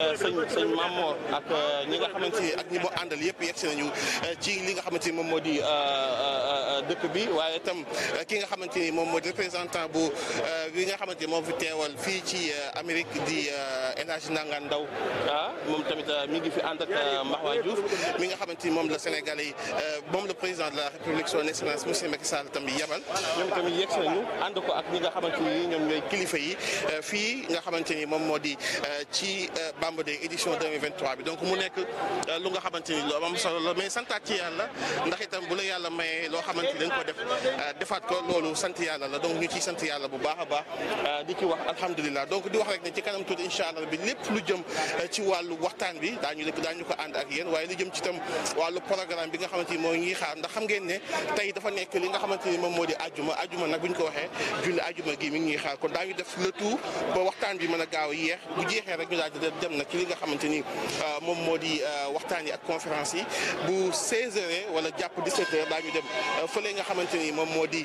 sëñ sëñ Mamor ak euh, ñi nga xamante ni ak ñi boo àndal yëpp yegg si nañu euh, ci li nga xamante ni moom moo di euh, dëkk bi waaye itam ki nga xamante ni moom moo di représentant bu bi nga xamante ni moom fi teewal fii ci Amérique di El Hadj Ndangane Ndao ah, moom tamit mi ngi fi ànd mi nga xamante ni moom la Sénégalais yi moom le président de la République son excellence monsieur Macky Sall tam yabal ñoom tamit yegg nañu ànd ko ak ñi nga xamante ni ñoom ñooy kilifa yi fii nga xamante ni moom moo di ci Bamba Day édition 2023 bi donc mu nekk euh, lu nga xamante ni loo am solo la mais santaat ci yàlla ndax itam bu la yàlla mayee loo xamante ni ko def euh, defaat ko loolu sant yàlla la donc ñu ciy sant yàlla bu baax a euh, di ci wax alhamdulilah donc di wax rek ne ci kanam tuuti incha allah bi lépp lu jëm ci wàllu waxtaan bi daañu lépp ko ànd ak yéen waaye lu jëm ci tam wàllu programme bi nga xamante ni moo ndax xam ngeen ne tey dafa nekk li nga xamante moom moo di ajuma ajuma nag a a nag ci li nga xamante ni euh, moom moo di euh, waxtaan yi ak conférence yi bu 16h wala jàpp 17h daañu dem euh, fële nga xamante ni moom moo di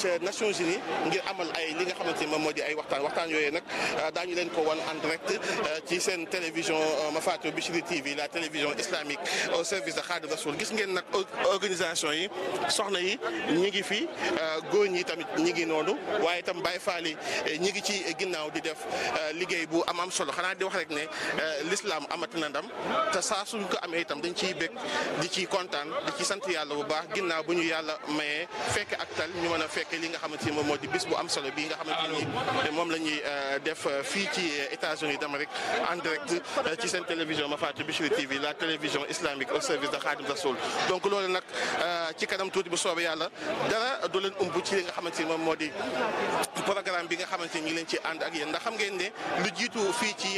ca Nations Unies ngir amal ay li nga xamante ni moom moo di ay waxtaan waxtaan yooyu nag daañu leen ko wan en ci seen télévision Mafatou Bichri TV la télévision islamique au service de Khadim Rasoul gis ngeen nag organisation yi soxna yi ñi ngi fi góor ñi tamit ñi ngi noonu waaye itam Baye Fall ñi ngi ci ginnaaw di def liggéey bu am solo xanaa di Euh, l'islam amat na ndam te saa suñ ko amee itam dañ ci bég di ci kontaan di ci sant yàlla bu baax ginnaaw bu ñu yàlla mayee fekke ak tal ñu mën a fekke li nga xamante ni moom moo di bis bu am solo bi nga xamante ni moom la ñuy euh, def euh, fii ci États-Unis d'Amérique en direct ci seen télévision Mafatou Bichri TV la télévision islamique au service de Khadim Rasoul donc loolu nag ci kanam tuuti bu soobee yàlla dara du leen umb ci li nga xamante ni moom moo di bi nga xamante ni ñu leen ci ànd ak yéen ndax xam ngeen ne lu jiitu fii ci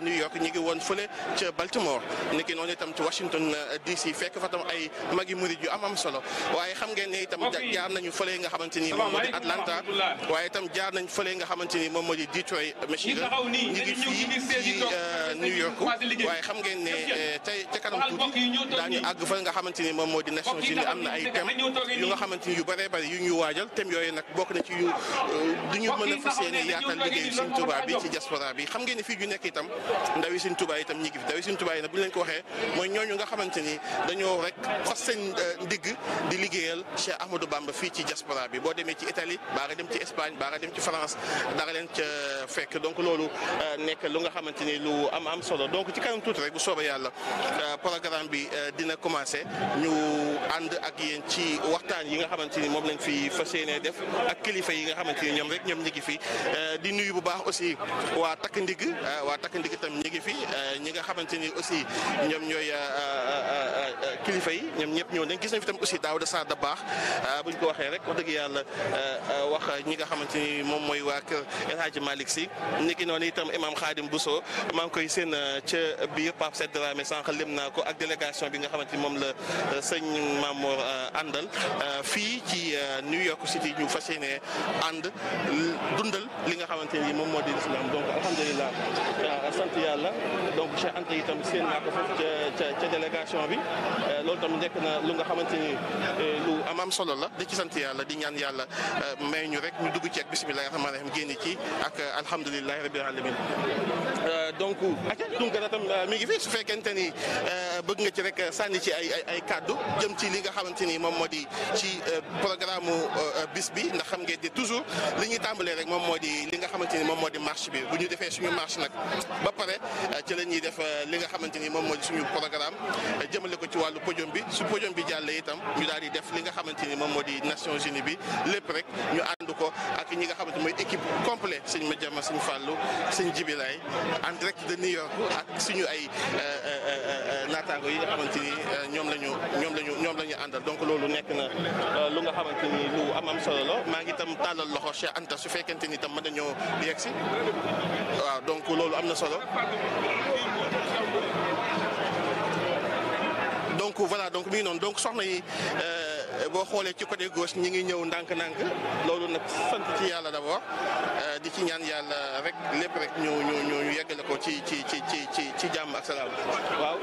New York ñu ngi woon fële ca Baltimore nekki noonu itam ci Washington uh, DC fekk fa tam ay magi murid yu am am solo waaye xam ngeen ne itam jaar nañu fële nga xamante ni moom moo di Atlanta waaye itam jaar nañ fële nga xamante ni moom moo di Detroit Michigan ñu ngi fii ci uh, New York waaye xam ngeen ne uh, tey ca kanam tuuti daañu àgg fa nga xamante ni moom moo di Nations Unies am na ay thème yu nga xamante ni yu bëree bëri yu ñuy waajal thème yooyu nag bokk na ci yu du ñu mën a fas yéene yaatal liggéeyu Sëñ Tuubaa bi ci diaspora xam ngeen ne fii ñu nekk itam ndawi Sëriñ Tuubaa itam ñi ngi fi ndawi Sëriñ Tuubaa bu ñu leen ko waxee mooy ñooñu nga xamante dañoo rek fas seen euh, ndigg di liggéeyal Cheikh Ahmadou Bamba fii ci diaspora bi boo demee ci Italie baa nga dem ci Espagne baa nga dem ci France dara leen ca euh, fekk donc loolu euh, nekk lu nga xamante ni lu am am solo donc ci kanam tuuti rek bu soobee yàlla programme bi dina commencé ñu ànd ak yéen ci waxtaan yi nga xamante ni moom lañ fi fa yéenee def ak kilifa yi nga xamante ni ñoom rek ñoom ñi ngi fi ndiki tam ñi ngi euh, ñi nga xamante ni aussi ñoom ñooy euh, euh, kilifa yi ñoom ñëpp ñëw nañ gis fi tam aussi daaw de sa da baax bu ñu ko waxee rek wax dëgg yàlla wax ñi xamante ni moom mooy waa kër El Hadji Malick Sy niki noonu itam imam Khadim bu maa ngi koy seen ca biir sedd Sène Dramé sànq lim naa ko ak délégation bi nga xamante ni moom la sëñ Mamour àndal fii ci New York City ñu fas yéene ànd dundal li nga xamante ni moom moo di islam donc alhamdulilah sant yàlla donc Cheikh Anta tam seen naa ko foofu ca ca bi euh, lool tamit nekk na lu nga xamante ni euh, lu am am solo la di ci sant yàlla di ñaan yàlla euh, may ñu rek ñu dugg ci ak bismillahi rahmaani rahim génn ci ak alhamdulilahi rabbil alamin donc Tounkara tam euh, mi ngi fi su fekkente ni euh, bëgg nga ci rek euh, sànni ci ay ay kàddu jëm ci li nga xamante ni moom moo di ci programme bis bi ndax xam ngeen di toujours li ñuy tàmbalee rek moom moo di li nga xamante ni moom moo di marche bi bu ñu defee suñu marche nag ba pare ci la ñuy def li nga xamante ni moom moo di suñu programme jëmale ko ci wàllu podium bi su podium bi jàllee itam ñu di def li nga xamante ni moom moo di Nations Unies bi lépp rek ñu ànd ko ak ñi nga xamante mooy équipe complet sëñ Madiama sëñ Fallou sëñ Jibilaay direct de New York ak suñu ay euh, euh, euh, naataango yi nga xamante ni ñoom la ñu ñoom la ñu ñoom la ñu àndal donc loolu nekk na lu nga xamante ni lu am am solo la maa ngi tam tàllal loxo Cheikh Anta su fekkente ni tam mën nañoo yegg si waaw donc loolu am na solo. donc voilà donc mi noonu donc soxna yi. Euh, boo xoolee ci côté gauche ñi ngi ñëw ndànk-ndànk loolu nag sant ci yàlla d'abord euh, di ci ñaan yàlla rek lépp rek ñu ñu ñu yeggale ko ci ci ci ci ci jàmm ak salaam waaw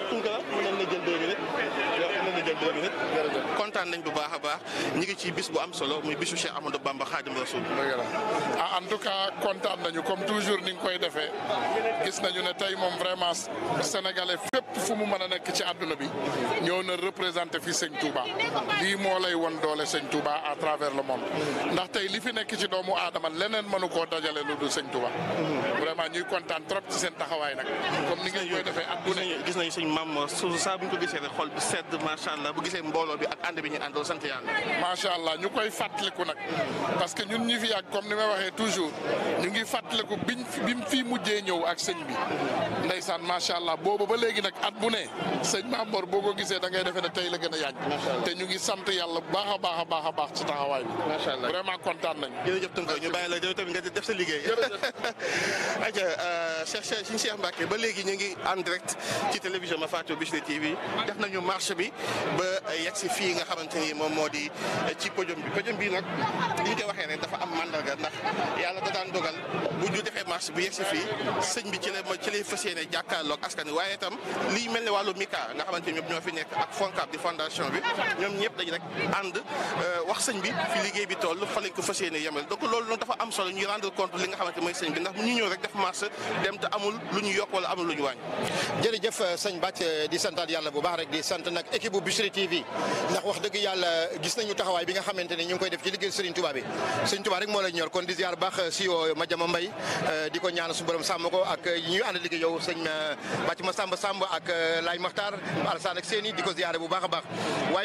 ngeen deux minutes kontaan nañ bu baax a baax ñi ngi ci bis bu am solo muy bisu Cheikh Amadou Bamba Khadim Rasoul ah en tout cas kontaan nañu comme toujours ni nga koy defee gis nañu ne tey moom vraiment sénégalais fépp fu mu mën a nekk ci àdduna bi ñëw na représenté fi sëñ Touba lii moo lay won doole sëñ Touba à travers le monde ndax tey li fi nekk ci doomu aadama leneen mënu koo dajale lu dul sëñ Touba vraiment ñuy kontaan trop ci seen bi sedd macha allah bu ma waxee toujours ñu ba léegi nag at bu ne sëñ Mame Mor boo ko gisee da ngay defee ne tey la a te ñu ngi sant yàlla baax a baax a baax a baax ci taxawaay bi. macha allah vraiment kontaan nañ. aja euh, Cheikh Cheikh Serigne Cheikh Mbacké ba léegi ñu ngi en direct ci télévision ma fato Bichri TV def nañu marche bi ba yegg si fii nga xamante ni moom moo di ci podium bi podium bi nag li ñu koy waxee ne dafa am mandarga ndax yàlla da daan dogal bu ñu defee marche bu yegg si fii sëñ bi ci la ci lay fas yéene jàkkaarloog askan wi waaye itam liy mel ne wàllu mika nga xamante ni ñoom ñoo fi nekk ak FONCAB di bi ñoom ñëpp dañ rek ànd euh, wax sëñ bi fi liggéey bi toll fa lañ ko fas yemal donc loolu dafa am solo def dem te amul lu ñu yokk wala amul lu ñu waañ jërëjëf eh, sëñ Bathie eh, di santaal yàlla bu baax rek di sant nag équipe bu Bichri TV ndax wax dëgg yàlla eh, gis nañu taxawaay bi nga xamante ne ñu ngi koy def ci liggéey Serigne Touba bi Serigne Touba rek moo la ñor kon di ziar baax si yoo Madiama Mbaye di ko ñaan su borom sàmm ko ak ñuy ànd liggéey yow sëñ Bathie Massamba Samb ak Laye Makhtar Alassane ak Séni di ko ziare bu baax a baax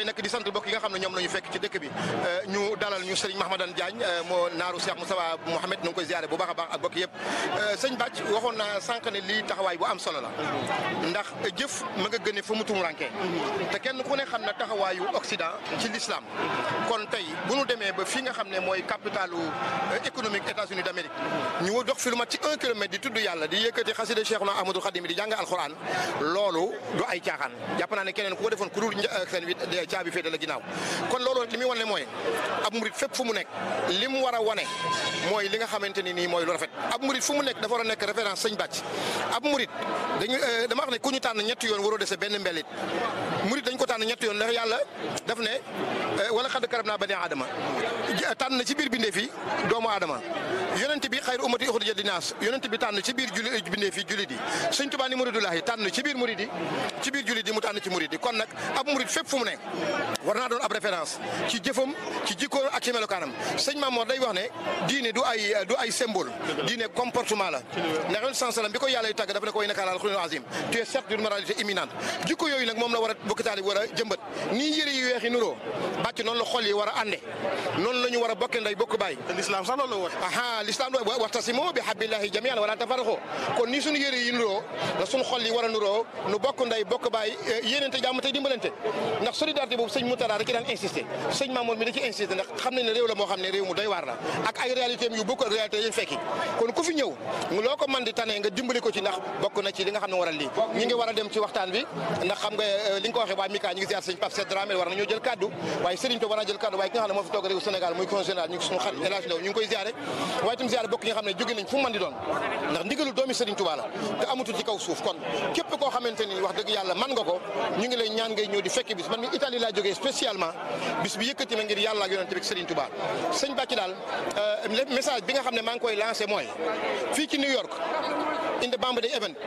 nag di sant mbokk yi nga xam ne ñoom la ñu fekk ci dëkk bi ñu dalal ñu Serigne Mahmadane Diagne moo naaru Cheikh Moussa Mohamed ñu ngi koy ziare bu baax a baax ak mbokk yëpp sëñ Bac waxoon na sànq ne lii taxawaay bu am solo la ndax jëf ma nga gëne fa mu tumurankee te kenn ku ne xam na taxawaayu Occident ci l'islam kon tey bu nu demee ba fii nga xam ne mooy capitalu euh, économique États-Unis d'Amérique ñu dox fi lu mat ci un kilomètre di tudd yàlla di yëkkati xasida Cheikhuna Ahmadou Khadim di jàng alxuraan loolu du ay caaxaan jàpp naa ne keneen ku ko defoon ku dul seen wi caabi féete la ginnaaw kon loolu li muy wane mooy ab fépp fu mu nekk li mu war a wane mooy li nga xamante ni nii mooy lu ab mu nekk dafa war a nekk référence sëñ bàcc ab murit dañu euh, dama ne ku ñu tànn ñetti yoon waroo dese benn mbelit murit dañ ko tànn ñetti yoon ndax yàlla daf ne euh, wala xadd karab naa bani aadama tànn na ci biir bindee fi doomu aadama yonent bi xayru ummati uxrijat linnaas yonent bi tànn ci biir julli bindee fi jullit yi sëñ tànn ci biir murit yi ci biir jullit yi mu tànn ci murit yi kon nag ab murit fépp fu mu ne war naa doon ab référence ci jëfam ci jikkoom ak ci melokaanam sëñ day wax ne diine du ay du ay symbole la ndax yoon san salam bi ko dafa ne ko way nakaala al xulul azim tu es certes d'une moralité imminente jikko yooyu nag moom la war a bokk taali war a jëmbat nii yëre yu weex nuroo bàcc noonu la xol yi war a noonu la ñu a bokke nday bokk bàyyi l'islam sax loolu la woote aha l'islam waxtasimu bi hablillahi jamian wala tafarraqu kon nii suñu yëre yi nuroo la suñu xol yi a nuroo nu bokk nday bokk bàyyi eh, yéenente jàmm tey dimbalante ndax solidarité loo ko mën di tane nga dimbali ko ci ndax bokk na ci li nga xam ne waral lii ñi ngi war a dem ci waxtaan bi ndax xam nga eh, li nga ko jël kaddu waaye sëriñ to war na ci daal eh, message bi nga xam ne maa koy lancé mooy fii ci New York indi Bamba Day event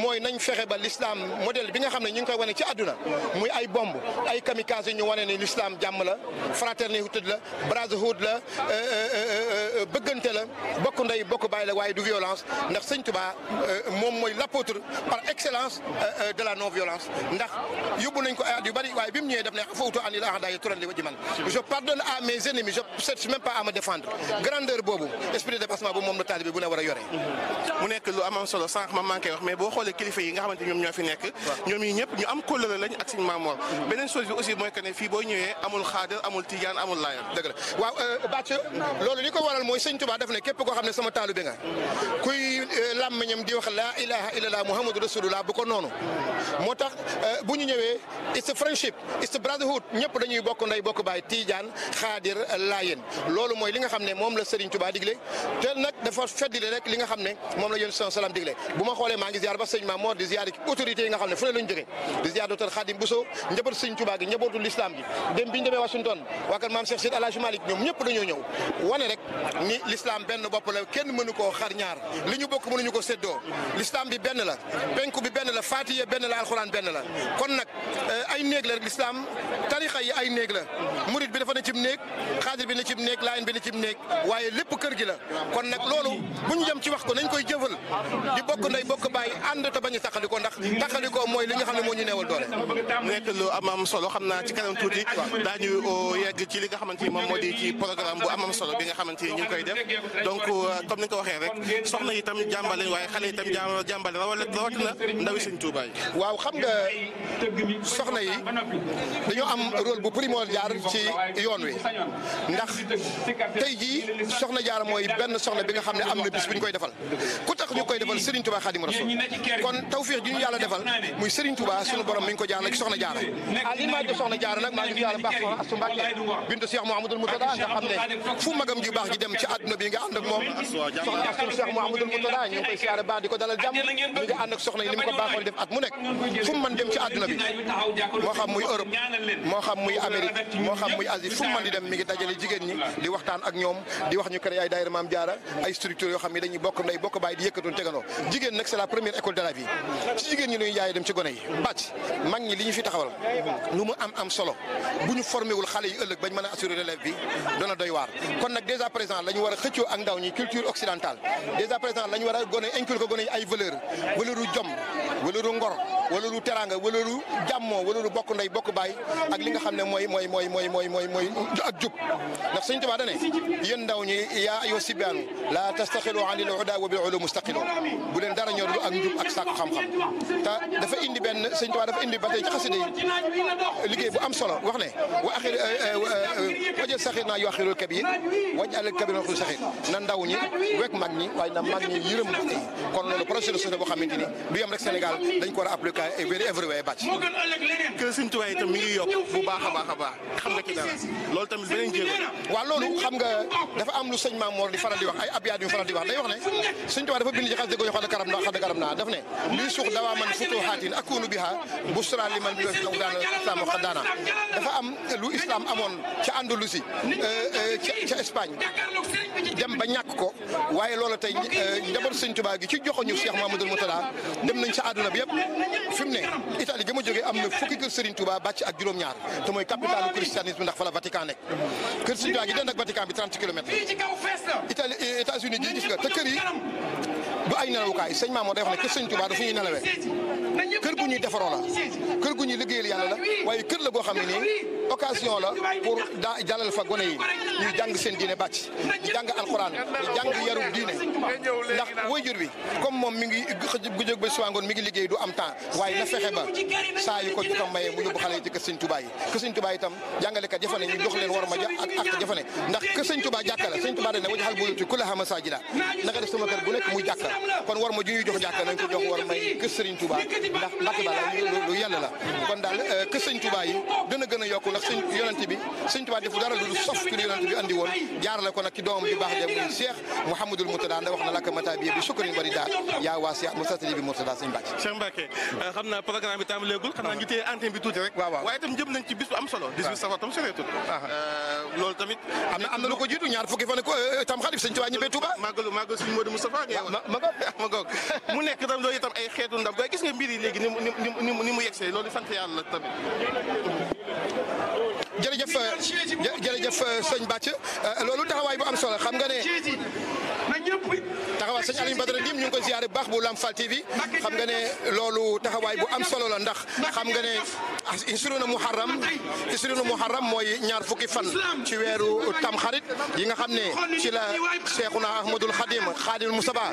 mooy nañ fexe ba l'islam modèle bi nga xam ne ñu ngi koy wane ci àdduna muy ay bomb ay kamikaze ñu wane ne l'islam jàmm la fraternité la brotherhood la euh, euh, euh, bëggante la bokk ndey bokk bàyyi la waaye du violence ndax sëñ Tuba moom mooy l'apôtre par excellence de la non violence ndax yóbbu nañ ko ay at yu bari waaye bi mu ñëwee def ne fawtu an il ahda yi turan li wa ji je pardonne à mes ennemis je cherche même pas à me défendre bu war a yore mu solo a ma manqué wax mais boo xoolee kilifa yi nga xamante ñoom ñoo fi nekk ñoom yi ñëpp ñu am mm-hmm. la waaw euh, bàcc loolu li ko waral mooy sëñ Tuubaa daf ne képp koo xam ne sama taalu kuy euh, làmmiñam di wax laa ilaha illallah muhammadu rasulullah bu ko noonu mm-hmm. moo tax euh, bu ñu ñëwee it's friendship it's brotherhood ñëpp dañuy bokk nday bokk baay tijaan xaadir laayeen loolu mooy li nga xam ne moom la Sëriñ Tuubaa digle te nag dafa feddile rek li nga xam ne moom la yéen xoolee bu ma xoolee maa ngi ziar ba sëñ Maam Mor di ziar autorités yi nga xam ne fu ne lañ jógee di ziar docteur Khadim Bousso njabootu sëñ Touba gi njabootu l'islam gi dem biñu li ñu bokk mënuñu ko bi benn la penku bi benn la fatiye benn la alxuraan benn la kon nag euh, ay néeg la rek tarixa yi ay néeg la murid bi dafa ne cib néeg xaadir bi ne cib néeg laayen bi ne cib néeg waaye lépp kër gi la kon nag loolu bu ñu jëm ci wax ko nañ koy jëfal di bokk ndey bokk bàyyi ànd te bañ a taxalikoo ndax taxalikoo mooy li xam ne moo ñu neewal doole nekk lu am solo xam naa ci kanam tuuti daañu euh, yegg ci li nga xamante ni moom moo di ci programme bu am am solo bi nga xamante ni ñu ngi koy def donc euh, comme ni nga ko waxee rek soxna yi tam jàmbale waaye xale yi tam jàmbale rawatina ndawi sëñ Tuubaa yi waaw xam nga soxna yi dañoo am rôle bu primordial ci yoon wi ndax tey jii soxna jaar mooy benn soxna bi nga xam ne am na bis bu ñu koy defal ku tax ñu koy defal Serigne Touba Khadim Rasoul kon tawfiix ji ñu yàlla defal muy Serigne Touba sunu borom mi ngi ko jaarale ci soxna jaara à l'image ah, de soxna ñu ko dalal jàmm mi nga ànd soxna moo xam muy Europe moo xam muy jigéen wax ñu créé ay daayira Maam Jaara ay structure yoo xam ne dañuy bokk nday bokk bàyyi di yëkkatoon teganoo jigéen nag c'est la première école de la vie ci jigéen ñi lañuy yaay dem ci gone yi bàcc mag ñi li ñu fi taxawal lu mu am am solo bu ñu formé wul xale yi ëllëg bañ mën a assurer relève bi dana doy waar kon nag dès à présent la ñu war a xëccoo ak ndaw ñi culture occidentale dès à présent la ñu war a gone inculquer gone yi ay valeur valeuru jom valeuru ngor valeuru teraanga valeuru jàmmoo valeuru bokk ndey bokk baay ak li nga xam ne mooy mooy mooy mooy mooy mooy mooy ak jub ndax Sëñ Tuubaa dane yéen ndaw ñi yaa ayyuha sibyaanu laa tastaxilu anil hudaa wa bil bu leen dara ñorlu ak njub ak sàkku xam-xam te dafa indi benn sëñ Tuubaa dafa indi ba tey ci xasida yi liggéey bu am solo wax ne wa axir euh, euh, euh, wajal saxir naa yoo axirul kabir waj alal kabir waxul saxir na ndaw ñi wek mag ñi waaye na mag ñi yërëm mag ñi kon loolu projet boo xamante ni du yem rek Sénégal dañ ko war a appliquer et very everywhere bàcc que sëñ Tuubaa itam mi ngi bu baax a baax a baax loolu tamit beneen jéego waaw loolu xam nga dafa am lu sëñ Maam Mor di faral di wax ay abyaat yu faral di wax day wax ne sëñ dafa bind ci xasida laqad karam na laqad naa daf ne lii suux dawaa man futuhaatin akunu biha busra liman bi daana islam wax daana dafa am lu islam amoon ca Andalusi eh, eh, ca Espagne dem ba ñàkk ko waaye loola tey eh, njaboot sëñ Tuubaa gi ci joxoñu Cheikh Mamadou Moutala dem nañ ca àdduna bi yëpp fi mu ne Italie gi ma jógee am na fukki kër Serigne Touba bàcc ak juróom-ñaar te mooy capitalu christianisme ndax fa la Vatican nekk kër Serigne Touba gi dend ak Vatican bi 30 kilomètres Italie États-Unis du ay nelawukaay sëñ Maam moo day wax ne kër sëñ Tuubaa du fu ñuy nelawee kër gu ñuy defaroo la kër gu ñuy liggéeyal yàlla la waaye kër la goo xam ne nii occasion la pour daa jàllal fa gone yi ñuy jàng seen diine bàcc jàng alxuraan jàng yaru diine ndax waajur bi comme moom mi ngi gujóg ba suwangoon mi ngi liggéey du am temps waaye na fexe ba saa yu ko jotam mayee mu yóbbu xale yi ci kër sëñ Tuubaa yi kër sëñ Tuubaa itam jàngalekat a ne ñu jox leen war ma ja ak ak jafe ne ndax kër sëñ Tuubaa jàkka la sëñ Tuubaa dañ ne nekk muy jàkka kon war ma ju jox jàkka nañ ko jox war may kër Serigne Touba ndax Mbacke Balla lu yàlla la kon daal euh, kër Serigne yi dana gën a yokku ndax sëñ yonent bi Serigne Touba defu dara sof ci lu yonent bi andi woon jaarale ko nag ci doomam ju baax ja muy Cheikh Mouhamadoul Moutada nda wax na lakk mata bi bi sukkarin bari daal yaa waa Cheikh Mousatali bi Moutada sëñ Mbacke Cheikh Mbacke euh, xam naa programme tam léegul xam naa ñu tuuti rek waaw waaye jëm nañ ci bis bu am solo 18 safar tam soreetul ah, ah. euh, loolu tamit am na lu ko jiitu ñaar fukki fan ko tam xalif ma goog mu nekk tam loolu itam ay xeetu ndam waaye gis nga mbir yi léegi ni mu ni mu ni mu yegsee loolu sant yàlla tamit jërëjëf euh, jërëjëf euh, sëñ Bàcc euh, loolu taxawaay bu am solo xam nga ne taxawaay sëñ Alioune Badara Ndim ñu ngi ko ziare baax bu lam Lamfal TV xam nga ne loolu taxawaay bu am solo la ndax xam nga ne isruna muharram isruna muharram mooy ñaar fukki fan ci weeru tamxarit yi nga xam ne ci la Cheikhuna Ahmadul Khadim Khadimul Mustafa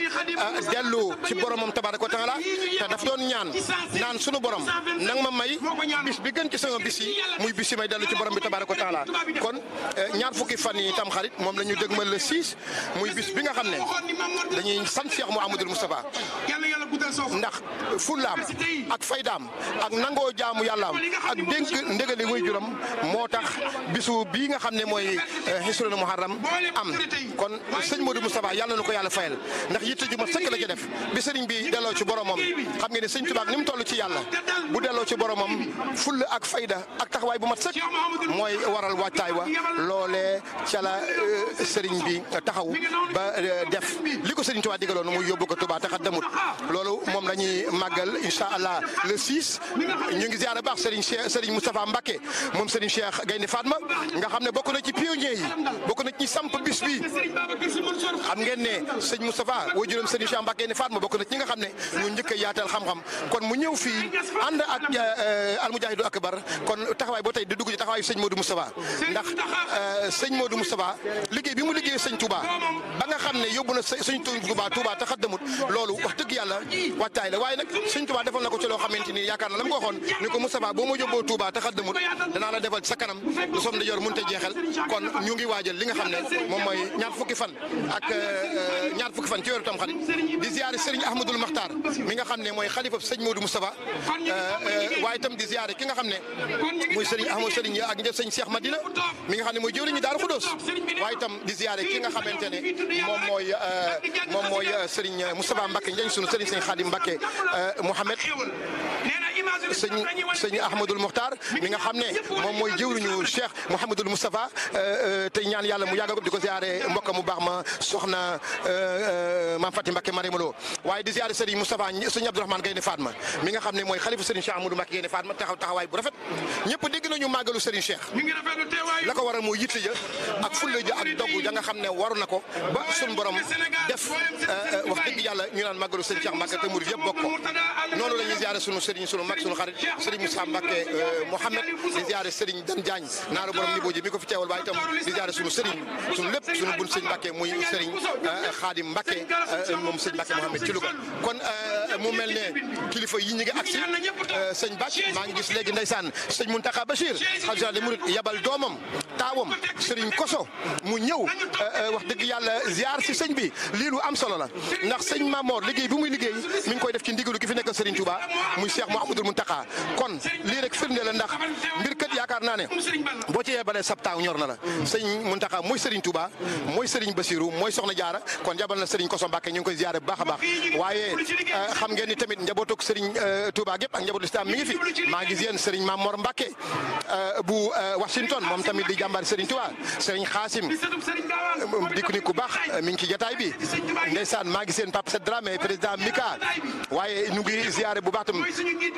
dellu ci boromam tabaraka wa taala te daf doon ñaan naan sunu borom nang ma may bi gën ci sama bis yi muy bis yi may dellu ci borom bi tabaaraka taala kon eh, ñaar fukki fan yi tam moom la ñu dëgmal le 6 muy bis bi nga xam ne dañuy sant Cheikh Mouhamadul Moustapha ndax fullaam ak faydaam ak nangoo jaamu yàllaam ak dénk ndégali waajuram moo tax bisu bi nga xam ne mooy xisrul eh, muharram am kon sëñ Modou Moustapha yàlla na ko yàlla fayal ndax yitte ju ma sëkk la ci def bi sëriñ bi delloo ci boromam xam nga ne sëñ Tuubaa ni mu toll ci yàlla bu delloo ci boromam fulla ak fayda ak taxawaay bu mat mooy waral waajtaay wa loolee ca la euh, sëriñ bi taxaw ba euh, def li ko sëriñ Tuubaa digaloon mu yóbbu ko Tuubaa taxat demut loolu moom la ñuy màggal incha allah le 6 ñu ngi ziar baax sëriñ Cheikh sëriñ Moustapha Mbacké moom sëriñ Cheikh Gaynde ma nga xam ne bokk na ci pionnier yi bokk na ci samp bis bi xam ngeen ne sëñ Moustapha waajuram sëriñ Cheikh Mbacké Gaynde Fatma bokk na ci nga xam ne ñu njëkk a yaatal xam-xam kon mu ñëw fii ànd ak euh, almujahidu kon taxawaay boo sëñ Modou Moustapha ndax euh, sëñ Modou Moustapha liggéey bi mu liggéey sëñ Touba ba nga xam ne yóbbu na sëñ Touba Touba te xaddamut loolu wax dëgg yàlla wattaay la waaye nag sëñ Touba defal na ko ci loo xamante ni yaakaar na la mu ko waxoon ni ko Moustapha boo ma yóbboo Touba te xaddamut danaa la defal sa kanam lu som di yor mënut a jeexal kon ñu ngi waajal li nga xam ne moom mooy ñaar fukki fan ak euh, euh, ñaar fukki fan ci weeru tam xarit di ziare Serigne Ahmadul Maxtaar mi nga xam ne mooy xalifa sëñ Modou Moustapha waaye itam di ki nga xam ne muy Serigne Ahmadou njëf sëñ Cheikh Madina mi xam ne mooy jëwriñu Daaru Xudóos waaye tam di ziyaare ki nga xamante ne moom mooy euh, moom mooy euh, Serigne euh, Moustapha Mbacke Ndiagne sunu Serigne sëñ Khadim Mbacke Mouhamed sëñ sëñ Ahmadul Muxtaar mi nga xam ne moom mooy jëwriñu Cheikh Mouhamadul Moustapha te ñaan yàlla mu yàgg di ko ziyaare mbokka mu baax ma soxna Maam Fatim Mbacke Mariamalo waaye di ziyaare Serigne Moustapha sëñ Abdourahmane Gaynde Fatma mi nga xam ne mooy xalifu Serigne Cheikh Amadou Mbacke taxaw taxawaay bu rafet Cheikh la ko waral moo yitte ja ak fulla ja ak dogu ja nga xam ne waru ko ba suñu borom def euh, wax dëgg yàlla ñu naan màggalu sëñ Cheikh Mbacke te murid yëpp bokk ko noonu la ñuy ziare sunu sëriñ sunu mag sunu xarit sëriñ Moussa Mbacke euh, Mouhamed di ziare sëriñ Dan Diagne naaru borom ni booji mi ko fi teewal waaye itam di ziare sunu sëriñ sunu lépp sunu bun sëñ Mbacke muy sëriñ Xaadim euh, Mbacke moom sëñ Mbacke Mouhamed ci kon mu mel ne kilifa yi ñu ngi agsi sëñ Bac maa ngi gis léegi ndeysaan sëñ Mountakha Bachir de Mouride yabal doomam taawam Serigne Koso mu ñëw eh, eh, wax dëgg yàlla ziar si sëñ bi lii lu am solo la ndax sëñ Mamor liggéey bi muy liggéey mi ngi koy def ci ndigalu ki fi nekk Serigne Touba muy Cheikh Mouhamadoul Mountakha kon lii rek firnde la ndax mbir kat yaakaar naa ne boo ci yebalee sab taaw ñor na la sëñ Mountakha mooy Serigne Touba mooy Serigne Bassirou mooy Soxna Jaara kon yabal na Serigne Koso Mbàkke ñu ngi koy ziare bu baax a waaye eh, xam ngeen ni tamit njabootug Serigne Touba gépp ak njabootu Islam mi ngi fi maa ngi yéen bu euh, Washington moom tamit di jàmbaar Serigne Touba Serigne Xaasim dikk ni ku baax mi ngi ci jotaay bi ndeysaan maa ngi seen Pape président Mika waaye ñu ngi bu baax tam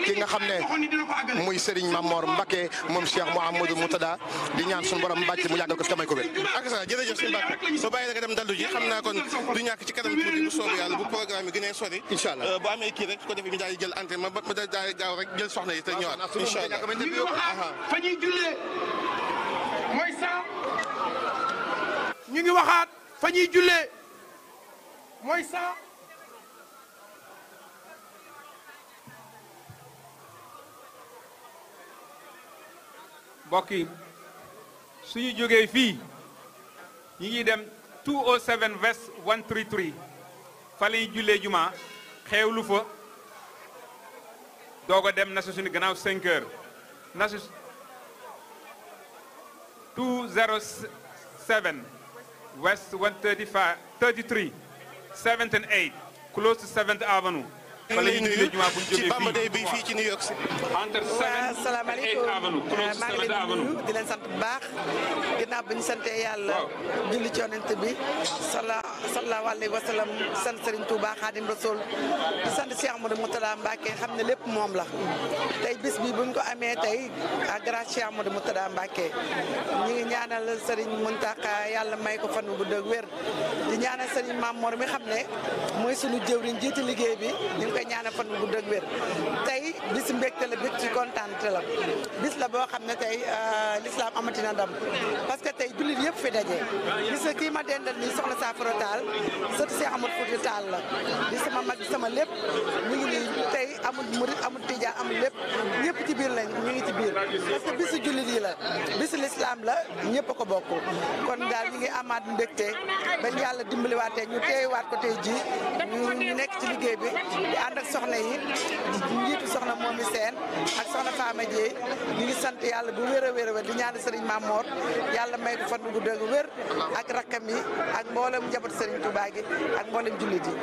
ki nga xam ne muy Serigne Mamor Mbacké moom Cheikh Mouhamadou Moutada di ñaan suñu borom mbàcc mu yàggal ko tamay ko wér. ak sa jërëjëf suñu Mbàkke soo bàyyi la nga dem dallu ji xam naa kon du ci kanam tuuti bu soobu yàlla bu programme euh, rek su ko defee ñu daal ma ba ma rek jël soxna mooy saam ñu ngi waxaat fa ñuy jullee mooy saam mbokk yi suñu jógee fii ñu ngi dem 207 west 133 fa la ñuy jullee juma xeewlu fa doog a dem nasu suñu gannaaw 5 nasu 207 West 135 33 78 close to 7th Avenue maa ngi lay nuyu ci Bamba Day bi fii ci New York City. waaw salaamaaleykum maa ngi di leen sant bu baax ginnaaw bi ñu santee yàlla julli ci yonent bi sallallahu alayhi wa sallam sant Serigne Touba Khadim Rasoul di sant Cheikh Amadou Moutala Mbacke xam ne lépp moom la tey bis bi buñ ko amee tey à grâce Cheikh Amadou Moutala Mbacke ñi ngi ñaanal Serigne Mountakha yàlla may ko fan bu dëgg wér di ñaanal Serigne Mamor mi xam ne mooy sunu jëwriñ jiitu liggéey bi koy ñaanal fan bu gudd ak wér tey la bis ci kontaante la bis la boo xam ne tey euh, l'islam amati na ndam parce que tey jullit yëpp fi daje gis nga kii ma dendal nii soxna Saafara la di sama mag sama lépp ñu ngi nii tey amul murit amul tijaan amul lépp ñëpp ci biir lañ ñu ngi ci biir parce que bisu jullit yi la bisu l'islam la ñëpp ko bokk kon daal ñu ngi amaat mbégte bañ yàlla dimbaliwaatee ñu teewaat ko tey ji ñu nekk ci liggéey bi ànd ak soxna yi njiitu soxna Momy Sène ak soxna Fama Dieye sant yàlla bu wér a wér a wér di ñaan Serigne Mamour yàlla bu gudd ak wér ak rakkam yi ak mboolem njaboot Serigne Touba gi ak mboolem jullit yi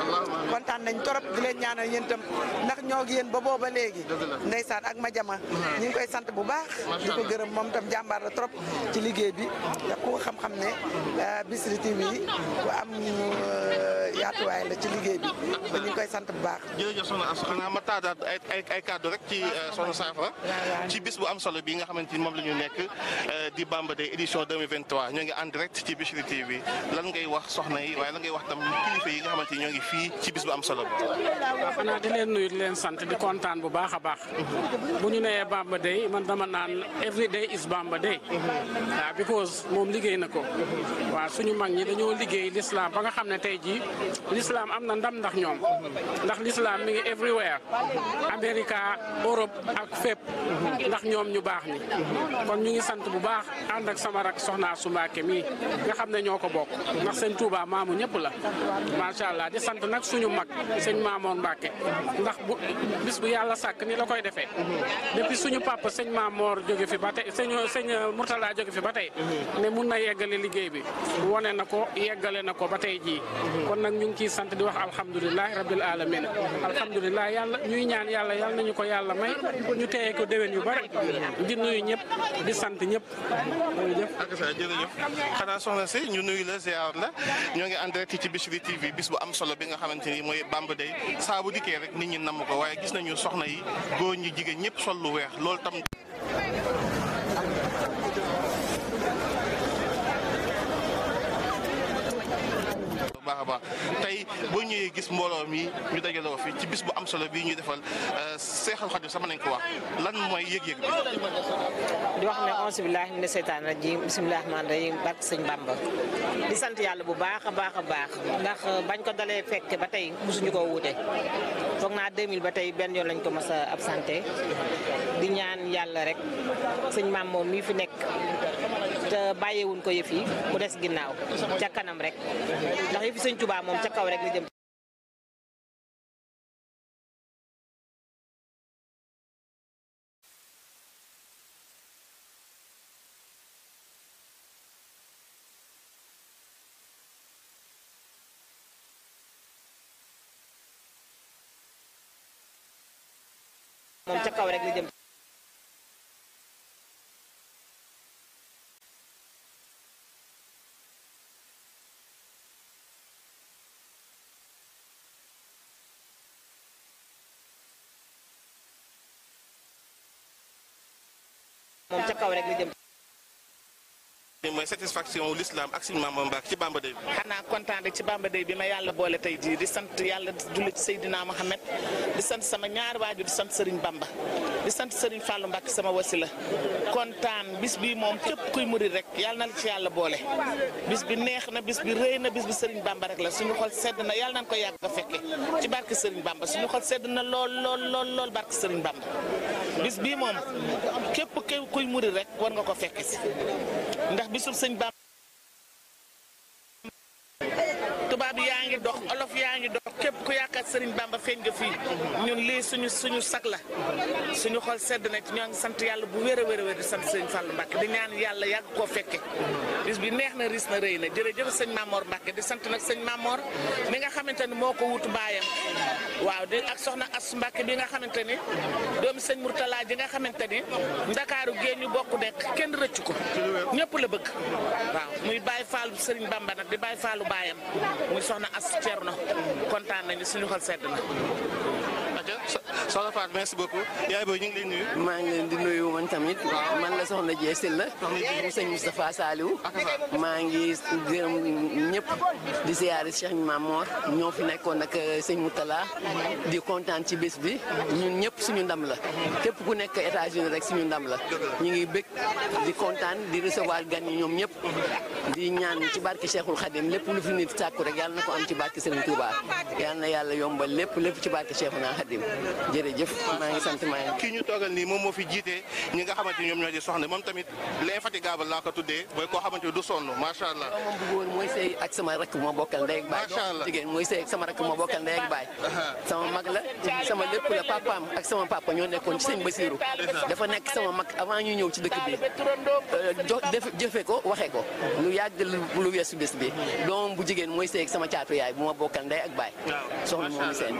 kontaan nañ torop di leen ñaanal yéen itam ndax ñoo ngi yéen ba booba léegi ndeysaan ak ma jama ñu ngi koy sant bu baax di ko gërëm moom tam jàmbaar la trop ci liggéey bi ndax ku xam-xam ne euh, Bichri TV yi ku am euh, yaatuwaay la ci liggéey bi ba ñu koy sant bu baax jërëjëf xanaa ma taadaat ay ay kàddu rek ci euh, soxna Saafara ci bis bu am solo bi nga xamante ni moom la ñu nekk euh, di Bamba Day édition 2023 ñoo ngi en direct ci Bichri TV lan ngay wax soxna yi waaye lan ngay wax tam kilifa xamante ni ñoo ngi fii ci bis bu am solo bi. waaw xanaa di leen nuyu leen sant di kontaan bu baax a baax. Mhm. bu ñu nee Bamba Day man dama naan every day is Bamba Day. Mhm. waaw because moom liggéey na ko. Mhm. waaw suñu mag ñi dañoo liggéey l'islam ba nga xam ne tey jii l'islam am na ndam ndax ñoom ndax l'islam islam mi ngi everywhere America Europe ak fépp ndax ñoom ñu baax ni kon ñu ngi sant bu baax ànd ak sama rak soxna su Mbàkke mi nga xam ne ñoo ko bokk ndax sëñ Touba maamu ñëpp la macha allah di sant nag suñu mag sëñ Maamoon Mbàkke ndax bu bis bu yàlla sàkk ni la koy defee depuis suñu papa sëñ Maamoor jóge fi ba tey sëñ sëñ Murtala jóge fi ba tey ne mun na yeggale liggéey bi wone na ko yeggale na ko ba tey jii kon nag ñu ngi ciy sant di wax alhamdulilahi rabbil alamin alhamdulilah yàlla ñuy ñaan yàlla yàlla nañu ko yàlla may ñu téye ko déwén yu bari di nuyu ñëpp di sant ñëpp jërëjëf xanaa soxna si ñu nuyu la ziar la ñoo ngi en direct ci Bichri TV bis bu am solo bi nga xamante ni mooy Bamba Day saa dikkee rek nit ñi namm ko waaye gis nañu soxna yi góor ñi jigéen ñëpp sol lu weex loolu tam baax a tey boo ñëwee gis mbooloo mi ñu dajaloo fi ci bis bu am solo bii ñuy defal euh, Seexul Xadim sama nañ ko wax lan mooy yëg-yëg di wax ne auzu billaahi mina seytaani rajiim bismillaahi rahmaani rahiim barke sëñ Bàmba di sant yàlla bu baax a baax a baax ndax bañ ko dalee fekk ba tey mosuñu koo wute foog naa 2000 ba tey benn yoon lañ ko mos a absenté di ñaan yàlla rek sëñ maam moom mii fi nekk. te bàyyiwuñ ko yëf yi mu des ginnaaw ca kanam rek ndax yëfi sëñ Tuubaa moom ca kaw rek la jëm moom ca li jëm. mooy satisfaction wu l'islam ak suñu maam Mbacke ci Bamba Day bi. xanaa kontaan rek ci Bamba Day bi ma yàlla boole tey jii di sant yàlla di julli ci Seydina Mohamed di sant sama ñaari waajur di sant Serigne Bamba di sant sëriñ Fallou Mbacke sama wasi wasila kontaan bis bi moom képp kuy murid rek yàlla na la ci yàlla boole bis bi neex na bis bi rëy na bis bi Serigne Bamba rek la suñu xol sedd na yàlla nañ ko yàgg a fekke ci barke Serigne Bamba suñu xol sedd na lool lool lool lool sëriñ Serigne Bamba. bis bii moom képp képp kuy murid rek war nga ko fekk si ndax bisub sëñ Bàmba tubaab yaa ngi dox olof yaa ngi dox képp ku yaakaar Serigne Bamba feeñ nga fii ñun lii suñu suñu sag la suñu xol sedd na ci ñoo ngi sant yàlla bu wér a wér a wér di sant Serigne Fallou Mbacke di ñaan yàlla yàgg koo fekke bis bi neex na riis na rëy na jërëjëf sëñ Mamor Mbacke di sant nag sëñ Mamor mi nga xamante ni moo ko wutu baayam waaw di ak soxna as Mbacke bi nga xamante ni doomu sëñ Mourtala ji nga xamante ni Ndakaaru gée ñu bokk nekk kenn rëcc ko ñëpp la bëgg waaw muy Baye Fallou Serigne Bamba di Baye Fallou baayam muy soxna Ass kontaan nañu suñu xol sedd na. beaucoup maa ngi leen di nuyu man tamit. man la soxna jee Sylla. soxna Dieng mu sëñ maa ngi gërëm ñëpp. di ziare Cheikh Mamour ñoo fi nekkoon nag uh, sëñ Moutala. Mhm. di kontaan ci bis bi. ñun ñëpp suñu ndam la. Mhm. képp ku nekk États-Unis rek suñu ndam la. ñu ngi bëgg di kontaan di recevoir gan yi ñoom ñëpp. Mhm. di ñaan ci barke Cheikhul Khadim lépp lu fi nit sàkku rek yàlla na ko am ci barke Serigne Touba yàlla na yàlla yombal lépp lépp ci barke Cheikhuna Khadim jërëjëf maa ngi maa ngi. moo fi jiite ñi nga xamante ni ñoom ñoo di sama rakk bu ma bokkal ndey ak baay. sama ma bokkal ndey ak baay. sama mag la sama lépp la papaam ak sama papa ñoo nekkoon ci sëñ Basirou dafa nekk sama mag avant ñu ñëw ci dëkk bi euh, jëfe ko waxe ko yàgg lu weesu bés bi doomam bu jigéen mooy seeg sama caatu yaay bu ma bokkal ndey ak baay soxna moom seen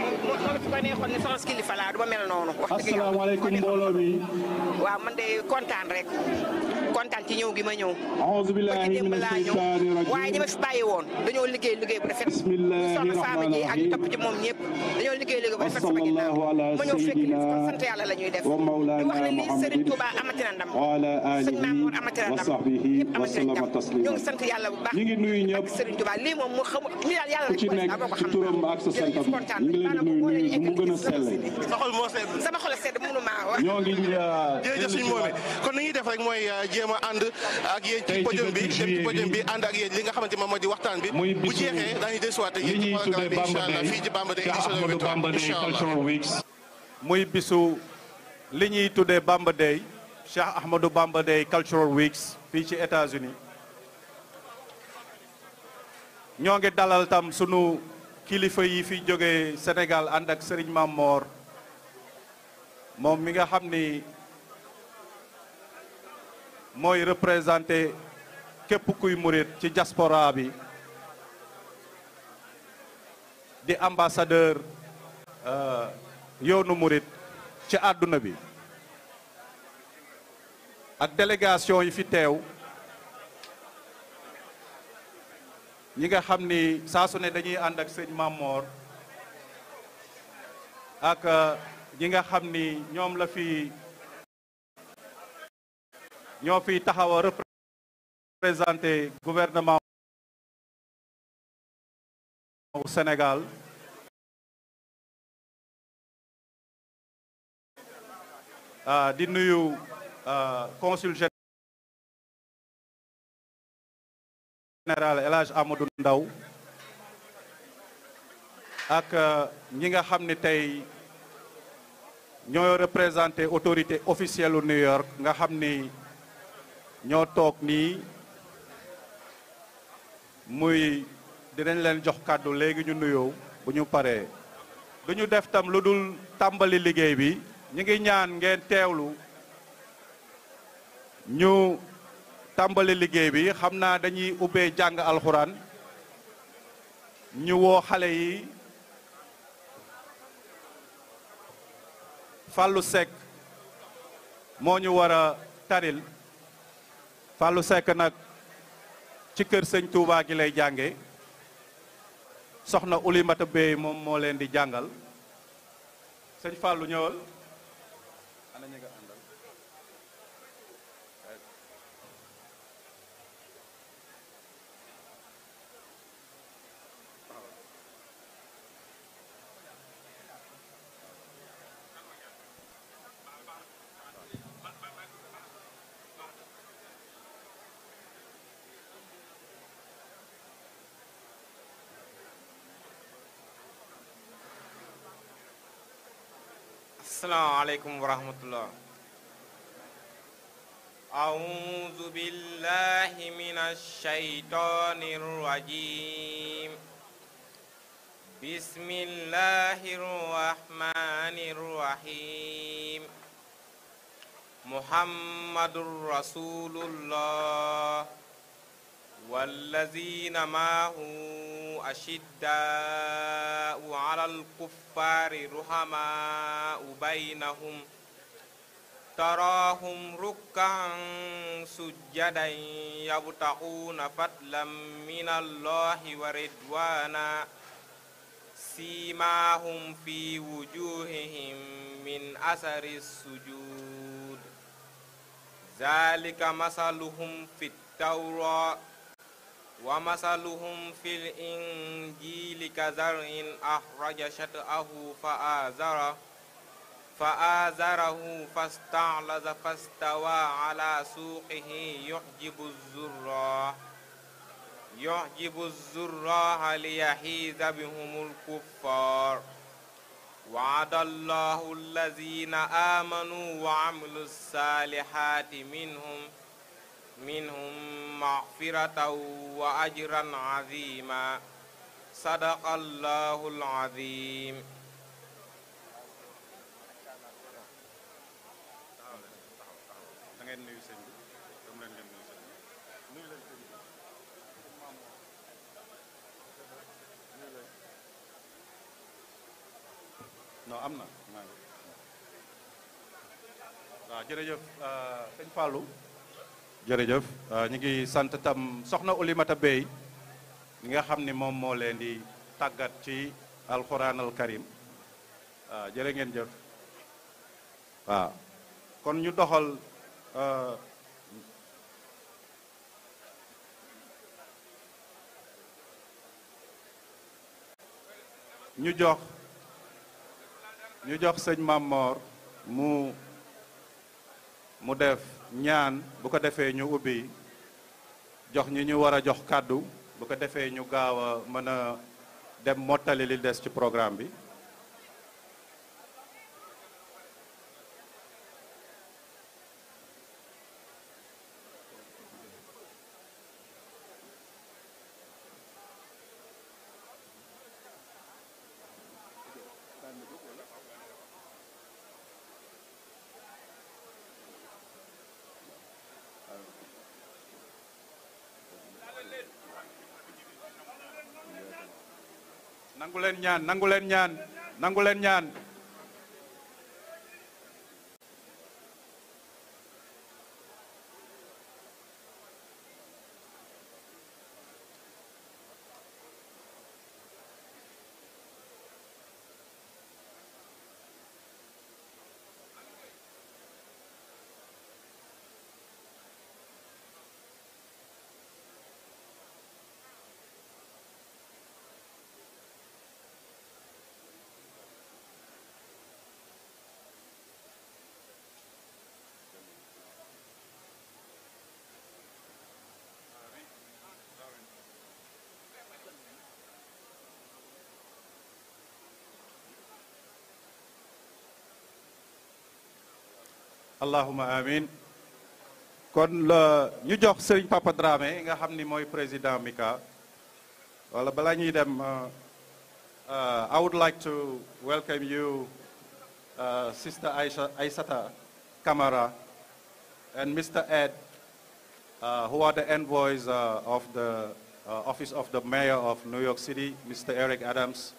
su ma neexoon ni sama kilifa laa du ma mel noonu wax dëgg asalaamaaleykum mbooloo mi waaw man de kontaan rek kontaan ci ñëw gi ma ñëw aousubillahi mina shaytaani rajim waaye ñi ma fi bàyyi woon dañoo liggéey liggéey bu rafet soxna faama ji ak topp ci moom ñëpp dañoo liggéey liggéey bu rafet sama ginnaaw ma ñëw fekk kon sant yàlla la ñuy def di wax ne lii Serigne Touba amati na ndam sëñ Mamour amati na ndam ñëpp amati na ndam sant yàlla bu ñu ngi nuyu ñëpp ak Serigne Touba lii moom mu xamul lii sa a sama xol sedd mënu wax. ñoo ngi euh, jërëjëf suñu moome kon ñuy def rek mooy euh, jéem ànd ak yéen ci podium bi dem ci podium bi ànd ak yéen li nga xamante moom moo di waxtaan bi bu jeexee daañu desuwaat ak yéen ci programme bi incha allah fii ci Bamba Day incha allah muy bisu Bamba Day Cheikh Ahmadou Bamba Cultural Weeks fii ci États-Unis ñoo ngi dalal tam sunu kilifa yi fi jóge Sénégal ànd ak Serigne Mamor moom mi nga xam ni mooy représenté képp kuy murit ci diaspora bi di ambassadeur euh, yoonu murit ci àdduna bi ak délégation yi fi teew ñi nga xam ni saa ne dañuy ànd ak sëñ Mamor ak euh, ñi nga xam ni ñoom la fi ñoo fi taxaw a représenté gouvernement au Sénégal euh, di nuyu euh, consul général El Hadj Amadou Ndaw ak euh, ñi nga xam ne tey ñoo représenté autorité officielle u New York nga xam ni ñoo toog nii muy dinañ leen jox kàddu léegi ñu nuyoo bu ñu paree dañu ñu def tam lu dul tàmbali liggéey bi ñu ngi ñaan ngeen teewlu ñu tàmbali liggéey bi xam naa dañuy ubbee jàng alxuraan ñu woo xale yi fàllu Seck moo ñu war a taril Fallou Seck nag ci kër sëñ Touba gi lay jànge soxna Oulimata Bey moom moo leen di jàngal sëñ Fallou ñëwal asalaamaaleykum wa rahmatullah أعوذ بالله من الشيطان الرجيم بسم الله الرحمن الرحيم محمد رسول الله والذين معه أشداء الكفار رحماء بينهم تراهم ركعا سجدا يبتغون فضلا من الله ورضوانا سيماهم في وجوههم من أثر السجود ذلك مثلهم في التوراة ومثلهم في الإنجيل كزرع أخرج شطأه فآزره فآزره فاستعلز فاستوى على سوقه يعجب الزراع يعجب الزراع ليحيز بهم الكفار وعد الله الذين آمنوا وعملوا الصالحات منهم منهم مغفرة وأجرا عظيما صدق الله العظيم non am na waaw jërëjëf sëñ Fallou jërëjëf euh, ñu ngi sant tam soxna Oulimata Bey mi nga xam ni moom moo leen di tàggat ci alxuraan al karim waaw euh, ngeen jëf waaw kon ñu doxal euh, ñu jox ñu jox sëñ Mamor mu mu def ñaan bu ko defee ñu ubbi jox ñi ñu war a jox kàddu bu ko defee ñu gaaw a mën a dem mottali li des ci programme bi nangu leen ñaan nangu leen ñaan nangu ñaan allahuma amin kon la ñu jox sëriñ Papa Dramé nga xam ni mooy président MICA wala balaa ñuy dem uh, uh, I would like to welcome you uh, Sister Aisha, Aisata Kamara and Mr. Ed uh, who are the envoys of the office of the mayor of New York City Mr. Eric Adams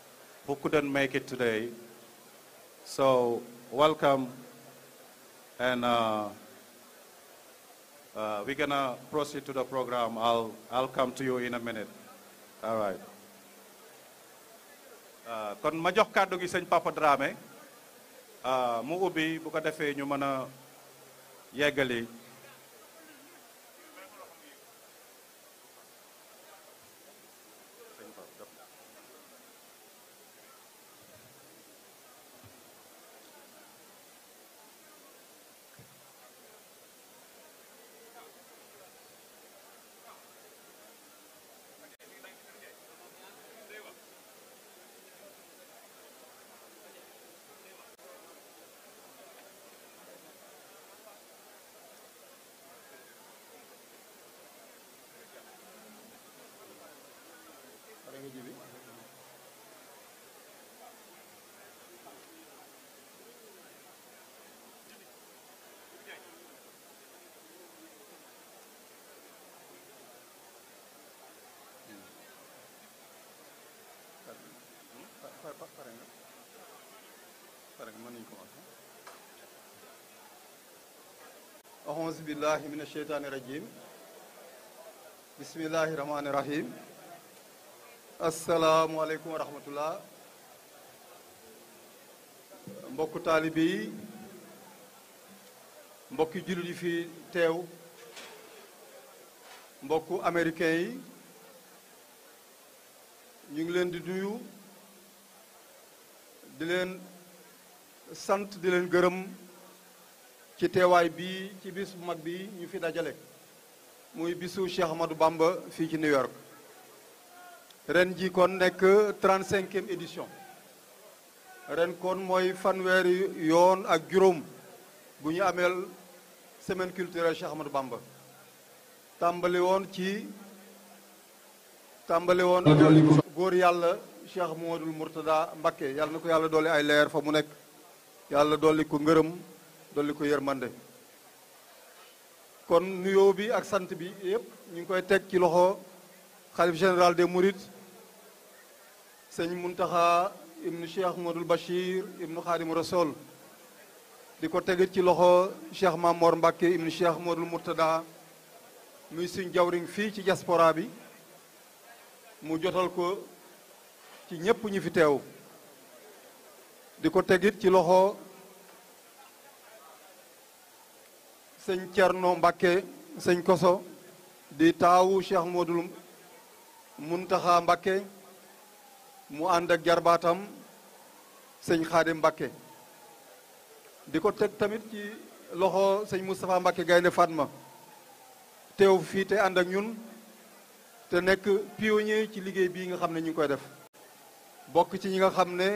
who couldn't make it today so welcome And uh, uh, we're going to proceed to the program. I'll, I'll come to you in a minute. Uh, kon ma jox kàddu gi sëñ Papa Dramé uh, mu ubbi bu ko defee ñu mën a yeggali mën nañu commencé axousu billahi min asheytaani rajim bismillahi rahmaani rahim asalaamualeykum wa rahmatullah mbokku taalibe yi mbokki jullit yi fi teew mbokku américain yi ñu ngi leen di nuyu di leen sant di leen gërëm ci teewaay bi ci bis bu mag bi ñu fi dajale muy bisu Cheikh Ahmadou Bamba fii ci New York ren ji kon nekk trente-cinquième édition ren kon mooy fanweeri yoon ak juróom bu ñu ameel semaine culturelle Cheikh Ahmadou Bamba tàmbali woon ci tàmbali woon góor yàlla Cheikh Mouhamadoul Mourtada Mbacké yàlla na ko yàlla doole ay leer fa mu nekk yàlla dolli ko ngërëm dolli ko yërmande kon nuyoo bi ak sant bi yëpp ñu ngi koy teg ci loxo xalif général des Mourides sëñ Muntaxa ibnu Cheikh Modou Bachir ibnu Xaadimu Rasool di ko tegit ci loxo Cheikh Mamor Mbacke ibnu moo Modou Murtada muy suñ jawriñ fii ci diaspora bi mu jotal ko ci ñépp ñu fi teew di ko tegit ci loxo sëñ Thierno Mbakke sëñ Koso di taawu Cheikh mun Muntaxa Mbakke mu ànd garbaatam jarbaatam sëñ Mbakke di ko teg tamit ci loxo sëñ Moustapha Mbakke Gaynde Fatma teew fii te ànd ak ñun te nekk pionnier ci liggéey bii nga xam ne ñu ngi koy def bokk ci ñi nga xam ne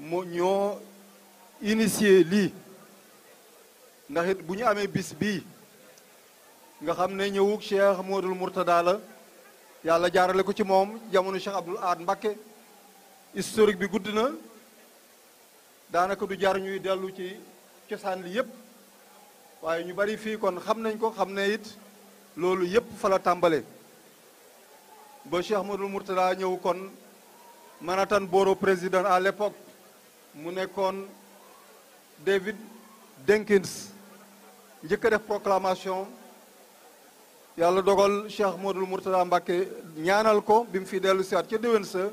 moo ñoo initié lii ndax bu ñu amee bis bii nga xam ne ñëwug Cheikh Modou Mourtada la yàlla jaarale ko ci moom jamono Cheikh Abdoul Ahad Mbacké historique bi gudd na daanaka du jaar ñuy dellu ci cosaan li yépp waaye ñu bari fii kon xam nañ ko xam ne it loolu yépp fala la tàmbale ba Cheikh Modou Mourtada ñëw kon Manhattan Borough président à l'époque mu nekkoon David Dinkins njëkk a def proclamation yàlla dogal Cheikh Modou Mourtada Mbacké ñaanal ko bi mu fi dellu siwaat ca déwén sa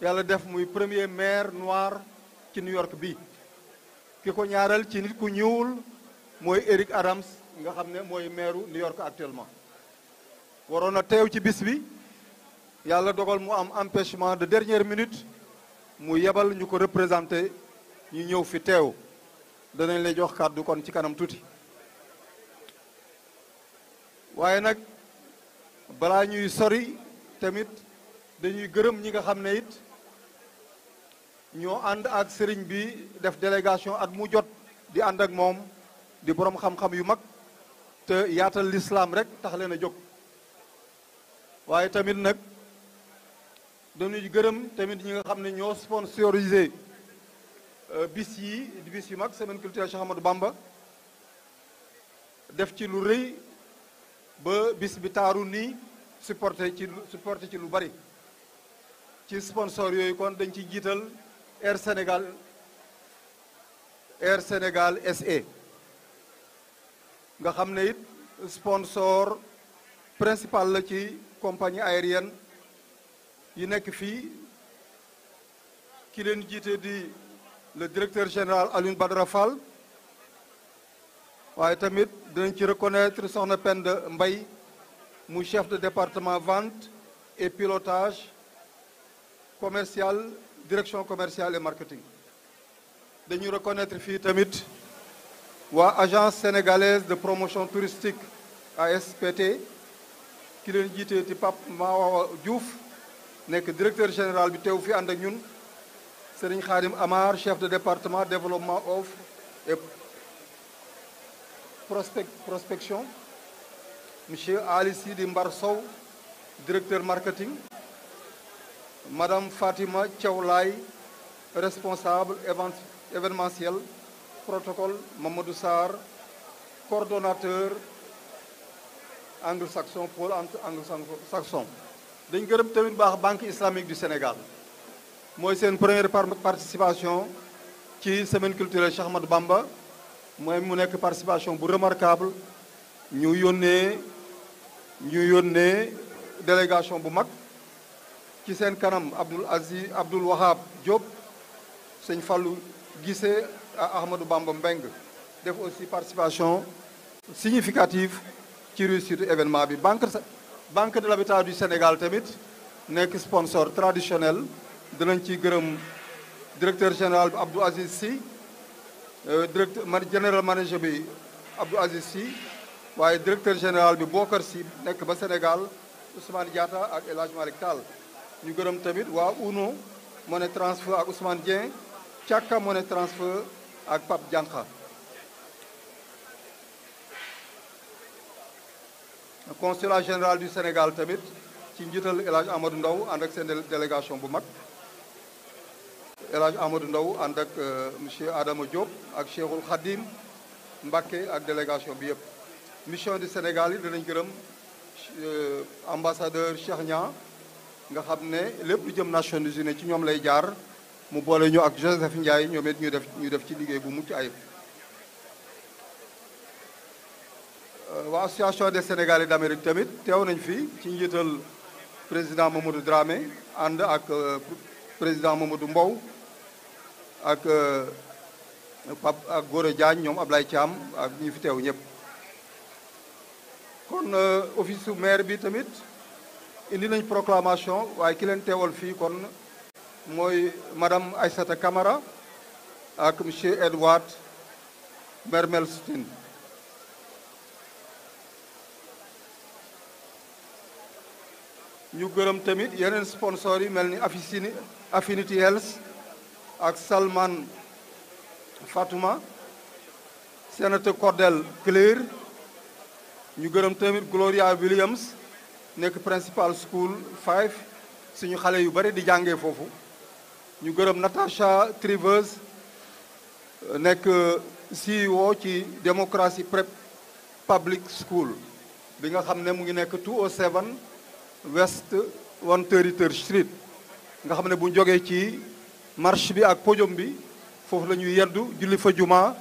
yàlla def muy premier maire noir ci New York bi ki ko ñaaral ci nit ku ñuul mooy Eric Adams nga xam ne mooy maireu New York actuellement waroon teew ci bis bi yàlla dogal mu am empêchement de dernière minute mu yebal ñu ko représenté ñu ñëw fi teew danañ lay jox kàddu kon ci kanam tuuti waaye nag balaa ñuy sori tamit dañuy gërëm ñi nga xam ne it ñoo ànd ak sëriñ bi def délégation at mu jot di ànd ak moom di boroom xam-xam yu mag te yaatal lislaam rek tax leen a jóg waaye tamit nag dañuy gërëm tamit ñi nga xam ne ñoo sponsorisé euh, bis yi bis yi mag semaine culturelle Cheikh Ahmadou Bamba def ci lu rëy ba bis bi taaru nii supporté ci supporté ci lu bari ci sponsor yooyu kon dañ ci jiital Air Sénégal Air Sénégal SA nga xam ne it sponsor principal la ci compagnie aérienne yi nekk fii ki leen jiite di le directeur général Alioune Badara Fall waaye tamit dinañ ci reconnaître soxna Penda mbay mu chef de département vente et pilotage commercial direction commerciale et marketing dañu reconnaître fii tamit waa agence sénégalaise de promotion touristique ASPT ki leen jiite di Pape Mawawa nekk directeur général bi tew fi ànd ak ñun Serigne Khadim Amar chef de département développement offre et prospection monsieur Ali Sidi Mbar Sow directeur marketing madame Fatima Thiawlaay responsable événementiel protocole Mamadou Sarr coordonnateur anglo-saxon pôle anglo-saxon dañ gërëm tamit baax banque islamique du Sénégal mooy seen première participation ci semaine culturelle Cheikh Ahmadou Bamba mooy mu nekk participation bu remarquable ñu yónnee ñu yónnee délégation bu mag ci seen kanam Abdoul Aziz Abdoul Wahab Diop sëñ falu Guissé ak Ahmadou Bamba Mbeng def aussi participation significative ci réussite événement bi banque banque de l'habitat du Sénégal tamit nekk sponsor traditionnel dinañ ci gërëm directeur général bi Abdou Aziz Sy euh, directeur général manager bi Abdou Aziz Sy waaye directeur général bi Bokar Sy nekk ba Sénégal Ousmane Diatta ak El Hadj Malick ñu gërëm tamit waa UNO Money Transfer ak Ousmane Dieng Thiaka Money Transfer ak Pape Diankha consulat général du Sénégal tamit ci njiital El Hadj Ndaw ànd ak seen délégation bu mag El Hadj Ndaw ànd ak euh, monsieur Adama Diop ak Cheikhul Khadim Mbacké ak délégation bi yëpp mission du Sénégal yi dinañ gërëm euh, ambassadeur Cheikh Niang nga xam ne lépp lu jëm Nations Unies ci ñoom lay jaar mu boole ñu ak Joseph Ndiaye ñoom it ñu def ñu def ci liggéey bu mucc ayib waa euh, association des sénégalais d'Amérique tamit teew nañ fi ci njiital président Mamadou Dramé ànd ak euh, président Mamadou Mbow ak euh, pap ak Gora Diagne ñoom Ablaye Thiam ak ñi fi teew ñëpp kon office su maire bi tamit indi nañ proclamation waaye ki leen teewal fii kon mooy madame Aïssata kamara ak monsieur Edward Mermelstein ñu gërëm tamit yeneen sponsor yi mel ni Afisini Affinity Health ak Salman Fatouma Sénateur Cordel Clear ñu gërëm tamit Gloria Williams nekk principal school 5 suñu xale yu bari di jàngee foofu ñu gërëm Natasha Trivers nekk CEO ci Democracy Prep Public School bi nga xam ne mu ngi nekk 207 West 133 Street nga xam ne bu jogee ci marche bi ak podium bi foofu la ñuy yendu julli fa juma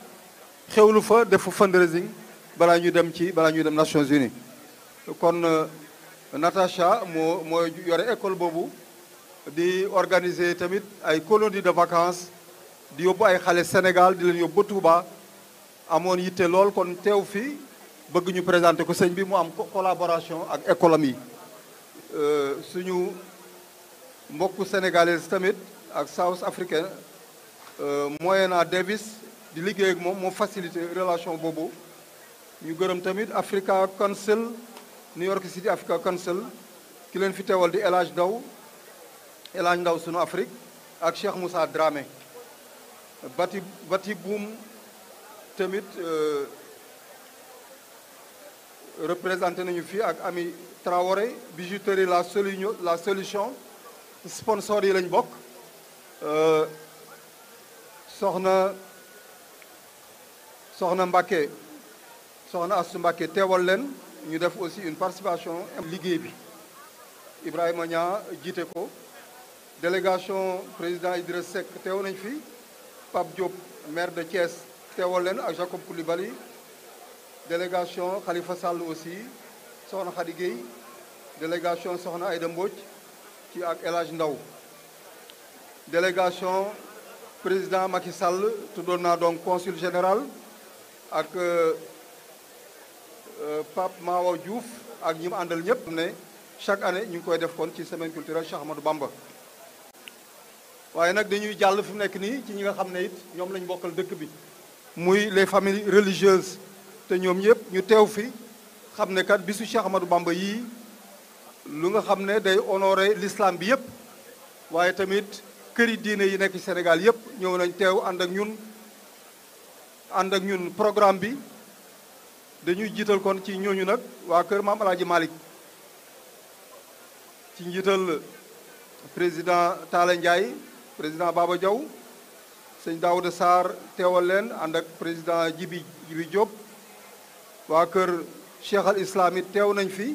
xewlu fa def fundraising balaa ñuy dem ci balaa ñuy dem Nations Unies kon euh, Natacha moo moo yore école boobu di organiser tamit ay colonie de vacances di yóbbu ay xale Sénégal di leen yóbbu ba Touba amoon yitte lool kon teew fi bëgg ñu présenter ko sëñ bi mu am collaboration ak école Euh, suñu mbokk sénégalais tamit ak South Africain euh, moyena Davis di liggéey ak moom moo facilité relation boobu ñu gërëm tamit Africa Council New York City Africa Council ki leen fi teewal di El Hadj Ndaw El Hadj Ndaw sunu Afrique ak Cheikh Moussa Dramé bati bati buum tamit euh, représenté nañu fii ak ami Traoré bijouterie la solution la solution sponsor yi lañu bokk euh, soxna soxna Mbacké soxna Astou Mbacké teewal leen ñu def aussi une participation liggéey bi Ibrahima Niang jiite ko délégation président Idriss Seck teew nañ fi Pape Diop maire de Thiès teewal leen ak Jacob Coulibaly délégation Khalifa Sall aussi soxna Khady délégation soxna Aïda Mbodj ci ak El Ndaw délégation président Macky Sall tuddoon naa donc consil général ak euh, euh, Pape Mawa Diouf ak ñi mu àndal ñëpp ne chaque année ñu ngi koy def kon ci semaine culturelle Cheikh Ahmadou Bamba waaye nag dañuy jàll fi mu nekk nii ci ñi nga xam ne it ñoom lañ bokkal dëkk bi muy les familles religieuses te ñoom ñëpp ñu teew fi xam ne kat bisu Cheikh Ahmadou Bamba yii lu nga xam ne day honoré l'islam bi yëpp waaye tamit këri diine yi nekk Sénégal yëpp ñëw nañ teew ànd ak ñun ànd ak programme bi dañuy jiital kon ci ñu nag waa kër maam alaaji Malick ci njiital président Talla Ndiaye président Baba Diaw sëñ Daouda Sarr teewal leen ànd ak président Jibi Jibi Diop waa kër cheikh al islam teew nañ fi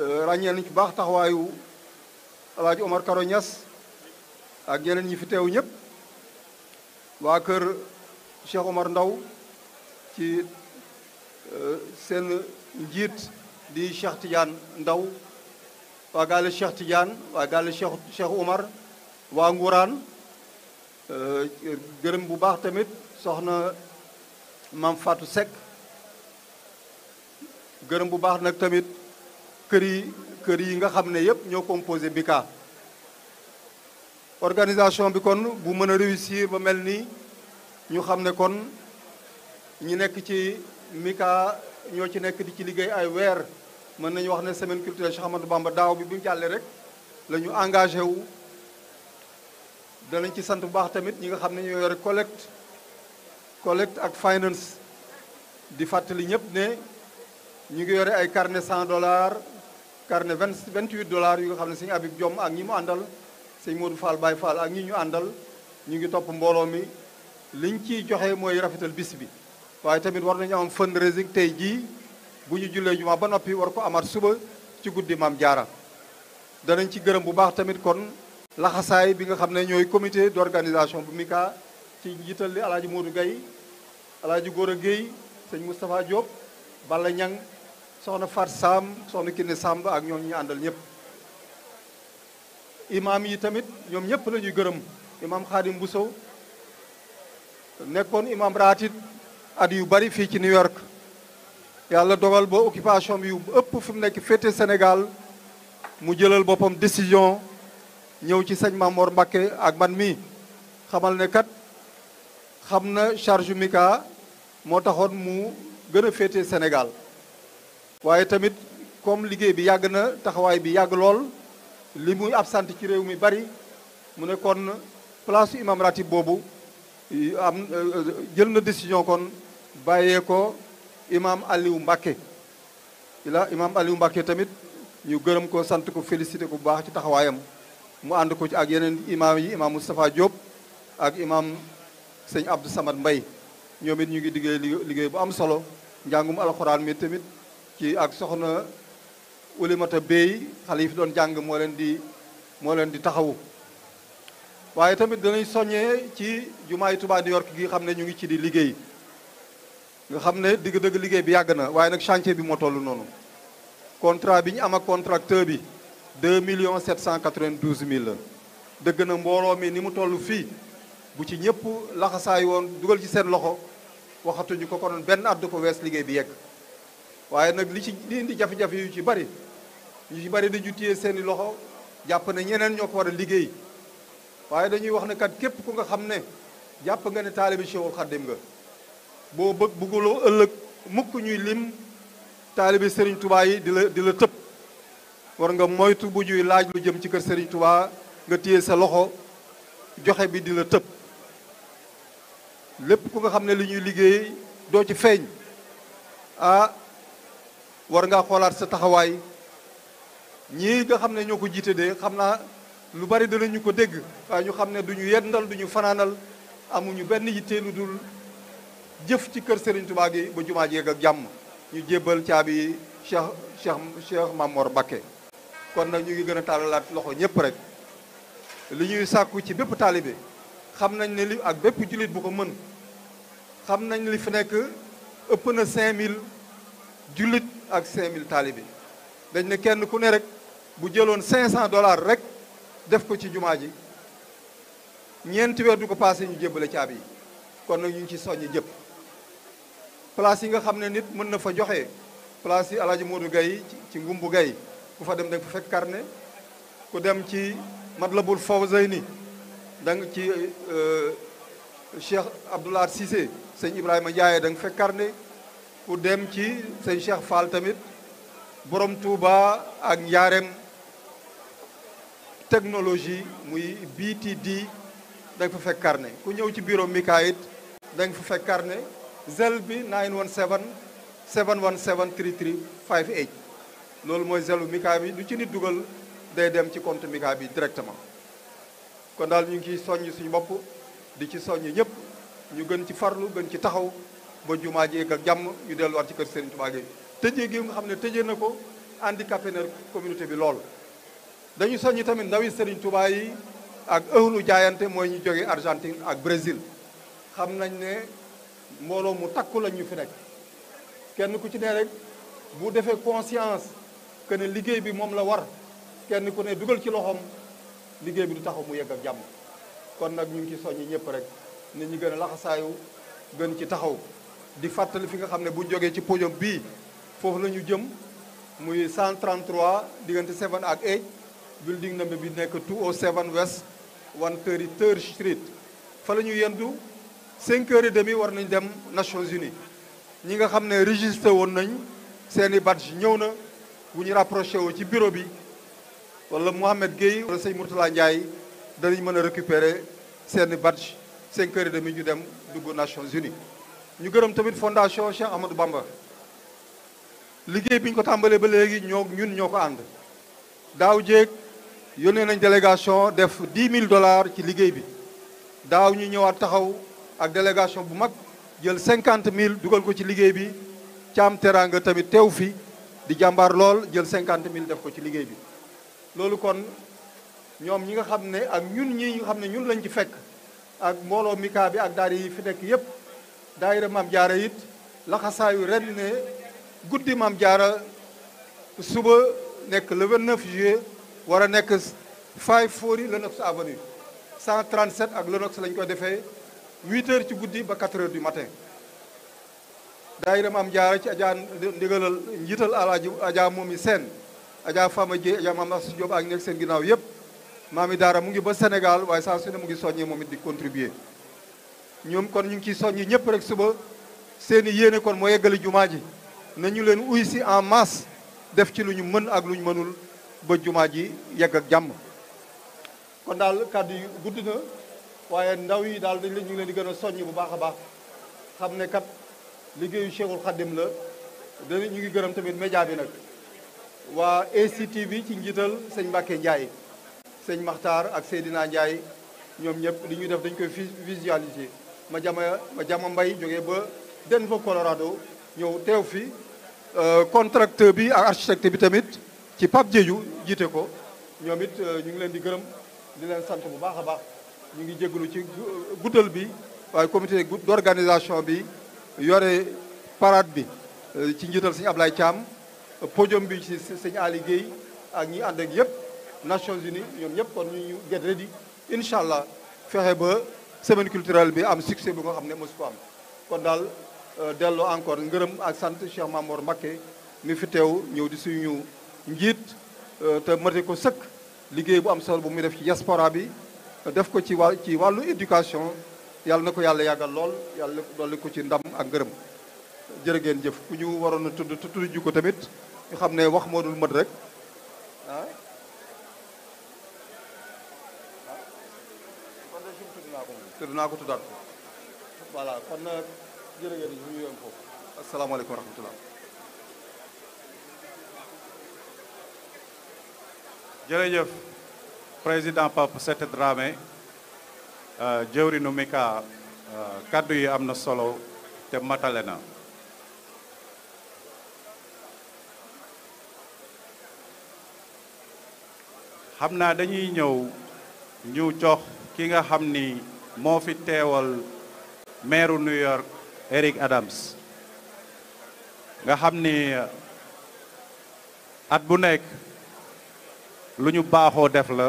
euh, ràññee nañ ci baax taxawaayu alaaji Omar Karo Niass ak yeneen ñi fi teew ñëpp waa kër cheikh Omar Ndaw ci euh, seen njiit di cheikh tijaan Ndaw waa gaale cheikh Tidiane waa gaale cheikh cheikh Omar waa Ngouraan euh, gërëm bu baax tamit soxna maam Fatou Seck gërëm bu baax nag tamit kër yi kër yi nga xam ne yëpp ñoo composé BICA organisation bi kon bu mën a réussir ba mel ni ñu xam ne kon ñi nekk ci MICA ñoo ci nekk di ci liggéey ay weer mën nañu wax ne semaine culturelle Cheikh Ahmadou Bamba daaw bi bu jàllee rek lañu ñu engagé wu danañ ci sant bu baax tamit ñi nga xam ne ñoo yore collecte collecte ak finance di fàttali ñëpp ne ñu ngi yore ay carnet 100 dollars carnet 20 28 dollars yu nga xam ne sëñ Habib Diom ak ñi mu àndal sëñ Modou Fall baay Fall ak ñi ñu àndal ñu ngi topp mbooloo mi liñ ciy joxe mooy rafetal bis bi. waaye tamit war nañu am fundraising tey jii bu ñu jullee jumaa ba noppi war ko amaat suba ci guddi maam jaara danañ ci gërëm bu baax tamit kon laxasaay bi nga xam ne ñooy comité d'organisation bu Mika ci njiital li El Hadj Modou Guèye El Hadj Gora Guèye sëñ Moustapha Diop Balla Niang soxna Far Sam soxna Kiné Samb ak ñoom ñu àndal ñëpp imaam yi tamit ñoom ñëpp lañuy ñuy gërëm imaam Khadim Bousso nekkoon imaam raatit at yu bari fii ci New York yàlla dogal ba occupation bi yu ëpp fu mu nekk féete Sénégal mu jëlal boppam décision ñëw ci sëñ Mamor Mbakke ak man mi xamal ne kat xam na charge Mika moo taxoon mu gën a féete Sénégal waaye tamit comme liggéey bi yàgg na taxawaay bi yàgg lool li muy ab sant ci réew mi bari mu ne kon place imam ratib boobu am e, e, jël na décision kon bàyyee ko imam Aliou Mbacke ila imam Aliou Mbacke tamit ñu gërëm ko sant ko félicité ko bu baax ci taxawaayam mu ànd ko ci ak yeneen imam yi imam Moustapha Diop ak imam sëñ Abdou Samad Mbay ñoom it ñu ngi liggéey liggéey bu am solo njàngum alxuraan mi tamit ci ak soxna ulimata béy xale yi fi doon jàng moo leen di moo leen di taxawu waaye tamit danañ soññee ci jumaa yi Touba New York gi xam ne ñu ngi ci di liggéey nga xam ne digg dëgg liggéey bi yàgg na waaye nag chantier bi moo toll noonu contrat bi ñu am ak contracteur bi deux millions sept cent quatre-vingt-douze dëgg na mbooloo mi ni mu toll fii bu ci ñëpp laxasaay woon dugal ci seen loxo waxatuñu ko konoon benn at du ko wees liggéey bi yegg waaye nag li ci li indi jafe-jafe yu ci bari yu ci bari dañu téye seeni loxo jàpp ne ñeneen ñoo ko war a liggéey waaye dañuy wax ne kat képp ku nga xam ne jàpp nga ne taalibi Cheikhul Khadim nga boo bëgguloo ëllëg mukk lim taalibi Serigne Touba yi di la di tëb war nga moytu bu ñuy laaj lu jëm ci kër Serigne Touba nga téye sa loxo joxe bi di la tëb lépp ku nga xam ne li ñuy liggéey doo ci feeñ ah war ngaa xoolaat sa taxawaay ñii nga xam ne ñoo ko jiite de xam naa lu bari ñu ko dégg waaye ñu xam ne du ñu yendal du ñu fanaanal amuñu benn yitte lu dul jëf ci kër Serigne Touba gi ba jumaa ji ak jàmm ñu jébbal caabi Cheikh Cheikh Cheikh Bakke kon nag ñu ngi gën a tàllalaat loxo ñëpp rek li ñuy sàkku ci bépp taalibe xam nañ ne li ak bépp jullit bu ko mën xam nañ li fi nekk ëpp na 5000 jullit. ak 5000 taalibe dañ ne kenn ku ne rek bu jëloon 500 dollars rek def ko ci jumaa ji ñeenti weer du ko passé ñu jébbale caabi yi kon nag ñu ngi ci soññi jëpp place yi nga xam ne nit mën na fa joxe place yi Alaaji Modou gay ci Ngumbu gay ku fa dem da nga fa fekk carnet ku dem ci Matlabul Fawzayni da nga ci euh, Cheikh Abdoulaye Cissé sëñ Ibrahima Ndiaye da nga fekk ne ku dem ci sëñ Cheikh Fall tamit boroom Touba ak njaareem technologie muy BTD da nga fa fekk carnet ku ñëw ci bureau Mika it da nga fa fekk carnet zel bi 917 717 33 58 loolu mooy zelu Mika bi lu ci nit dugal day dem ci compte Mika bi directement kon daal ñu ngi ciy soññ suñu bopp di ci soññ ñëpp ñu gën ci farlu gën ci taxaw ba jumaa ji ak jàmm ñu delluwaat ci kër Serigne Touba Gueye tëjee gi nga xam ne tëjee na ko handicapé na communauté bi lool dañu soññi tamit ndawi Serigne Touba yi ak ëhlu jaayante mooy ñu jógee Argentine ak Brésil xam nañ ne mbooloo mu takku lañ ñu fi nekk kenn ku ci ne rek bu defee conscience que ne liggéey bi moom la war kenn ku ne dugal ci loxoom liggéey bi du taxaw mu yegg ak jàmm kon nag ñu ngi ci soññi ñëpp rek nit ñi gën a laxasaayu gën ci taxaw di fàttali fi nga xam ne bu jogee ci podium bii foofu la ñu jëm muy 133 diggante 7 ak 8 building number bi nekk 207 West yi rd Street fa la ñu yendu 5 heures et demi war nañ dem Nations Unies ñi nga xam ne registré woon nañ seen i badge ñëw na bu ñu rapproché woo ci bureau bi wala Mohamed Gueye wala sëñ Mourtala Ndiaye danañ mën a récupérer seeni i badge 5 heures et demi dem dugg Nations Unies ñu gërëm tamit fondation Cheikh Amadou Bamba liggéey bi ñu ko tàmbalee ba léegi ñoo ñun ñoo ko ànd daaw jéeg yónnee nañ délégation def 10 000 dollars ci liggéey bi daaw ñuy ñëwaat taxaw ak délégation bu mag jël cinquante mille dugal ko ci liggéey bi caam teraanga tamit teew fi di jàmbaar lool jël cinquante mille def ko ci liggéey bi loolu kon ñoom ñi nga xam ne ak ñun ñi nga xam ne ñun lañ ci fekk ak mbooloo mika bi ak daara yi fi nekk yépp daayira maam jaara it laxasaayu ren ne guddi maam jaara suba nekk le 29 juillet war a nekk faay fóori Lenox avenue 137 ak Lenox lañ koy defee 8 heures ci guddi ba 4 heures du matin daayira maam jaara ci ajaa ndigalal njiital alaaji ajaa moom i seen ajaa a Dieye ajaa maam Asu Diop ak nekk seen ginnaaw yëpp maami daara mu ngi ba Sénégal waaye saa ne mu ngi soññee moom it di contribuer ñoom kon ñu ngi ciy soññi ñëpp rek suba seen i yéene kon moo yeggali jumaa ji nañu leen uy si en masse def ci lu ñu mën ak lu ñu mënul ba jumaa ji yegg ak jàmm kon daal kàddu yi gudd na waaye ndaw yi daal dañ leen ñu ngi leen di gën a soññ bu baax a baax xam ne kat liggéeyu Cheikhul Khadim la dañu ñu ngi gërëm tamit média bi nag waa ACTV ci njiital sëñ Mbacke njaay sëñ maxtar ak Seydina Ndiaye ñoom ñëpp li ñuy def dañ koy visualiser ma jama ma jama mbay jógee ba den Denver Colorado ñëw teew fi euh, contracteur bi ak bi tamit ci Pape Diédhiou jiite ko ñoom it euh, ñu ngi leen di gërëm di leen sant bu baax a baax ñu ngi jégalu ci euh, guddal bi waaye comité d'organisation bi yore parade bi ci njiital sëñ Ablaye Thiam podium bi ci sëñ Ali Guèye ak ñi ànd ak yëpp Nations Unies ñoom ñëpp kon ñu get ready incha allah fexe ba semaine culturelle bi am succès bu nga xam ne mosu ko am kon daal euh, dellu encore ngërëm ak sant Cheikh Mamour Mbacké mi fi teew ñëw di suñu njiit euh, te mate ko sëkk liggéey bu am solo bu muy def ci diaspora bi def ko ci wàll ci wàllu éducation yàlla na ko yàlla yàggal lool yàlla dolli ko ci ndam ak ngërëm jërë ngeen jëf ku ñu waroon a tudd tudd ju ko tamit ñu xam ne wax moo dul mat rek ah? te dinaa ko tuddaat ko voilà kon nag jërë ngeen jërëjëf président Pape Sete Dramé euh, jëwrinu Mika euh, kaddu yi am na solo te matale na. xam naa dañuy ñëw ñu jox ki nga xam ni. moo fi teewal maire New York Eric Adams nga xam ni uh, at bu nekk lu ñu baaxoo def la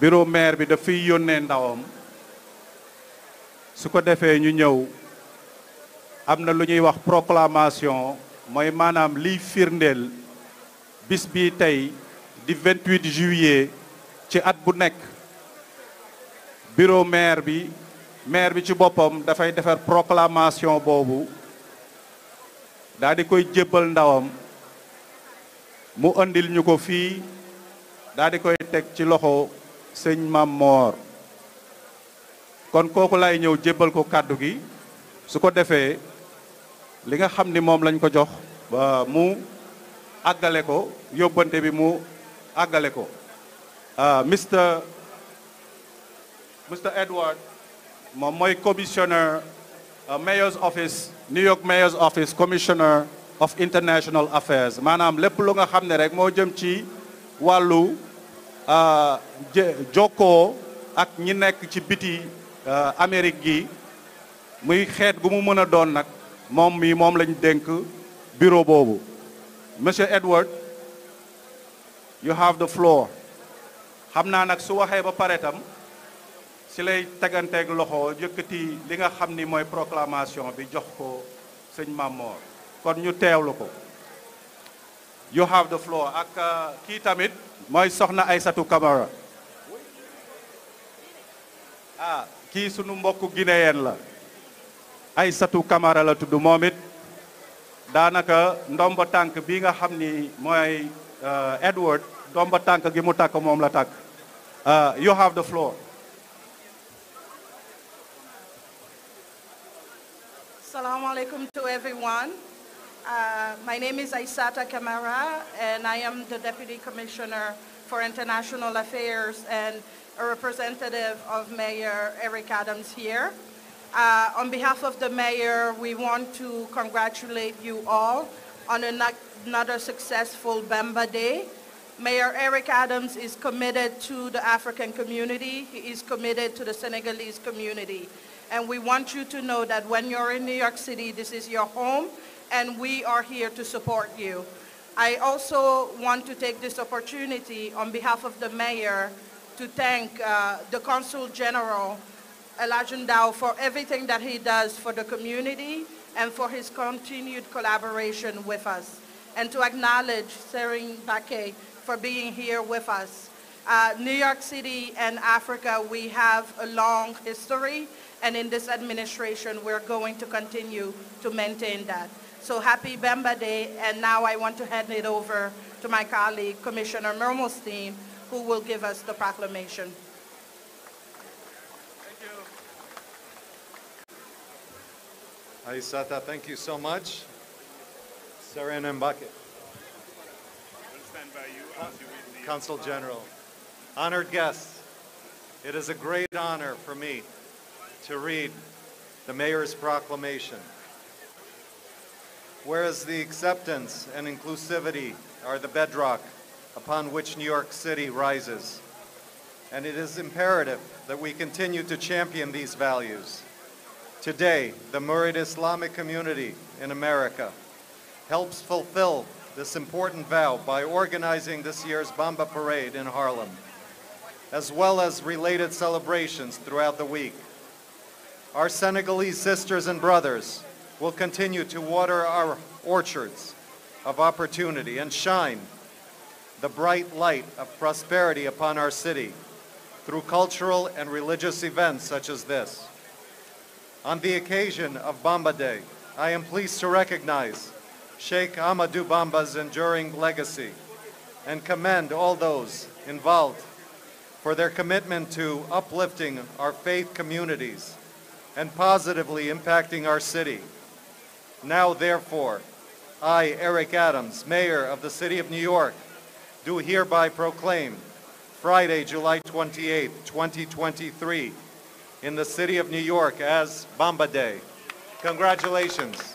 bureau maire bi dafay yónnee ndawam su ko defee ñu ñëw am na lu ñuy wax proclamation mooy maanaam liy firndeel bis bi tey di 28 juillet ci at bu nekk bureau maire bi maire bi ci boppam dafay defar proclamation boobu daldi koy jébbal ndawam mu indil ñu ko fii daal koy teg ci loxo sëñ Mam Moor kon kooku lay ñëw jébbal ko kàddu gi su ko defee li nga xam ni moom lañ ko jox ba mu àggale ko yóbbante bi mu àggale ko ah, Mr. Mr. Edward moom mooy commissioner uh, mayor's office New York mayor's office commissioner of international affairs maanaam lépp lu nga xam ne rek moo jëm ci wàllu uh, jokko ak ñi nekk ci biti uh, Amérique gi muy xeet gu mu mën a doon nag moom mi moom lañ dénk bureau boobu monsieur Edward you have the floor xam naa nag su waxee ba paretam ci lay teganteeg loxo yëkkati li nga xam ni mooy proclamation bi jox ko sëñ Mamor kon ñu teewlu ko you have the floor ak uh, kii tamit mooy soxna ay satu Camara ah kii sunu mbokku guinéen la ay satu Camara la tudd moom it daanaka ndomba tànk bi nga xam ni mooy uh, Edward ba tànk gi mu takk moom la tàkk uh, you have the floor Assalamu alaikum to everyone. Uh, my name is Aisata Kamara, and I am the Deputy Commissioner for International Affairs and representative of Mayor Eric Adams here. Uh, on behalf of the mayor, we want to congratulate you all on another successful Bamba Day. Mayor Eric Adams is committed to the African community. He is committed to the Senegalese community. we want to know that when you're in New York City, this is your home, and we are here to support you. I also want to take this opportunity of the mayor to thank uh, the Consul General, Elijah for everything that he does for the community and for his continued collaboration with us. And to acknowledge Sering Bakke for being here with us. Uh, New York City and Africa, we have a long history, and in this administration, we're going to continue to maintain that. So happy Bemba Day, and now I want to hand it over to my colleague, Commissioner Mermelstein, who will give us the proclamation. Thank you. Aisata, thank you so much. Sarah Mbake. We'll Consul General. Honored guests, it is a great honor for me to read the Mayor's Proclamation. Whereas the acceptance and inclusivity are the bedrock upon which New York City rises, and it is imperative that we continue to champion these values. Today, the Murid Islamic community in America helps fulfill this important vow by organizing this year's Bamba Parade in Harlem. as well as related celebrations throughout the week. Our Senegalese sisters and brothers will continue to water our orchards of opportunity and shine the bright light of prosperity upon our city through cultural and religious events such as this. On the occasion of Bamba Day, I am pleased to recognize Sheikh Amadou Bamba's enduring legacy and commend all those involved for their commitment to uplifting our faith communities and positively impacting our city. Now, therefore, I, Eric Adams, Mayor of the City of New York, do hereby proclaim Friday, July in the City of New York as Bomba Day. Congratulations.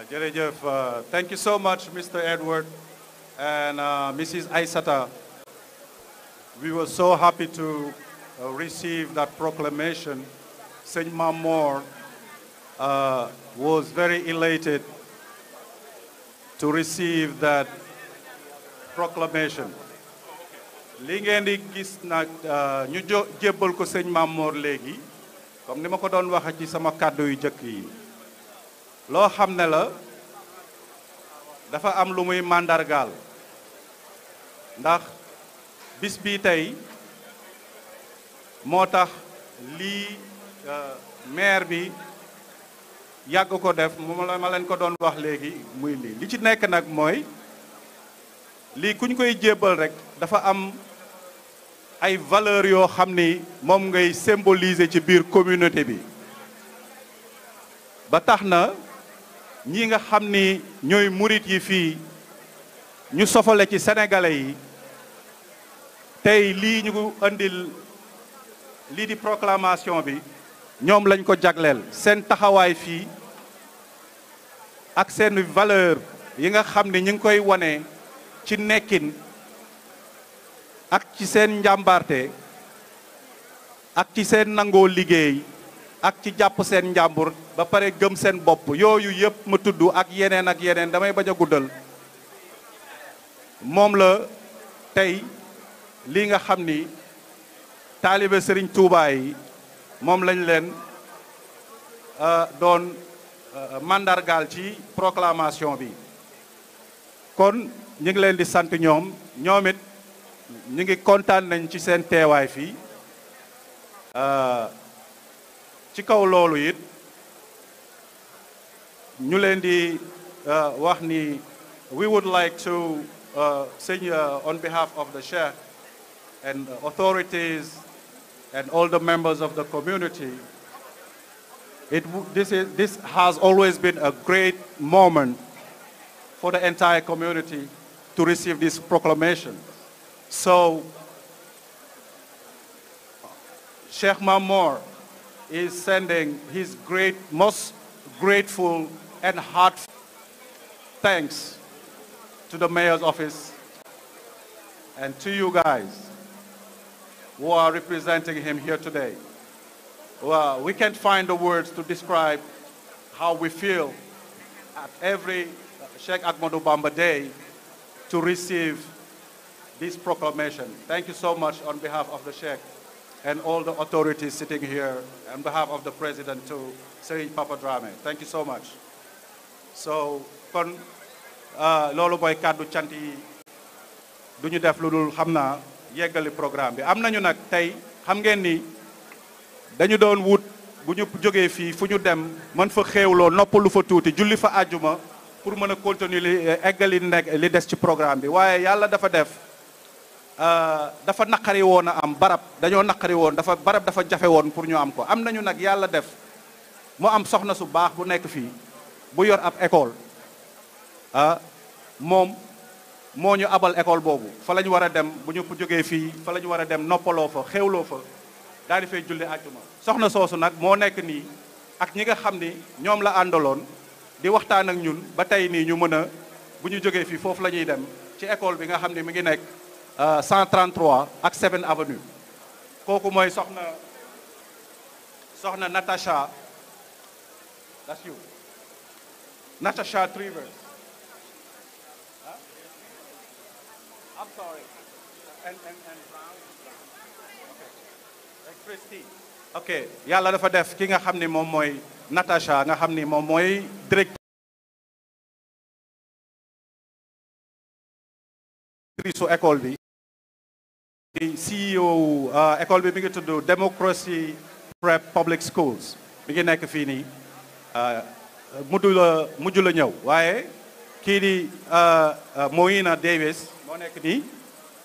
waaw jërëjëf uh, thank you so much Mr. Edward and uh, Mrs. Aysata we were so happy to uh, receive that proclamation Sëñ Mamor uh, was very elated to receive that proclamation li ngeen di gis nag ñu jébbal ko Sëñ Mamor léegi comme ni ma ko doon waxe ci sama kàddu jëkk yi loo xam ne la dafa am lu muy màndargaal ndax bis bi tey moo tax lii euh, maire bi yàgg ko def moom la ma leen ko doon wax léegi muy lii li ci nekk nag mooy lii kuñ koy jébbal rek dafa am ay valeur yoo xam ni moom ngay symboliser ci biir communauté bi ba tax na ñii nga xam ni ñooy murit yi fii ñu sofale ci senegale yi tey lii ñu andil lii di proclamation bi ñoom lañ ko jagleel seen taxawaay fii ak seen valeur yi nga xam ni ñu ngi koy wane ci nekkin ak ci seen njàmbaarte ak ci seen nangoo liggéey ak ci jàpp seen njàmbur ba pare gëm seen bopp yooyu yëpp ma tudd ak yeneen ak yeneen damay bañ a guddal moom la tey lii nga xam ni taalibe sëriñ Tuubaa yi moom lañ leen euh, doon euh, mandargaal ci proclamation bi kon ñu ngi leen di sant ñoom ñoomit ñu ngi kontaan lañ ci seen teewaay fii euh, ci kaw loolu it ñu leen di uh, wax ni we would like to uh, sing uh, on behalf of the Sheikh and authorities and all the members of the community. this has always been a great moment for the entire community to receive this proclamation. So, Sheikh Mamor, is sending his great, most grateful and heartfelt thanks to the mayor's office and to you guys who are representing him here today. we can't find the words to describe how we feel every Sheikh Ahmadou Day to receive this proclamation. Thank you so much on behalf of the Sheikh. and all the authorities sitting here on behalf of the president too, Serigne Papa Dramé thank you so much. so kon uh, loolu mooy kàddu cant yi duñu def lu dul xam naa yeggali programme bi am nañu nag tey xam ngeen ni dañu doon wut bu ñu jógee fii fu ñu dem man fa xéewloo noppalu fa tuuti julli fa àjjuma pour mën a continuer li eh, eggali li des ci programme bi waaye yàlla dafa def. Euh, dafa naqari woon am barab dañoo naqari woon dafa barab dafa jafe woon pour ñu am ko am nañu nag yàlla def mu am soxna su baax bu nekk fii bu yor ab école ah moom moo ñu abal école boobu fa la ñu war a dem bu ñu jógee fii fa la ñu war a dem noppaloo fa xewloo fa daal di fay julli àjjuma soxna soosu nag moo nekk nii ak ñi nga xam ni ñoom la àndaloon di waxtaan ak ñun ba tey nii ñu mën a bu ñu jógee fii foofu la ñuy dem ci école bi nga xam ni mi ngi nekk 133 euh, ak 7 avenue kooku mooy soxna soxna Natacha that's you Trivers ok yàlla dafa def ki nga xam ni moom mooy Natacha nga xam ni moom mooy directrice su école bi CEO uh, école bi mi ngi tudd Democracy Prep Public Schools mi ngi nekk fii nii uh, mujj la mujj ñëw waaye kii di uh, Moina Davis moo nekk nii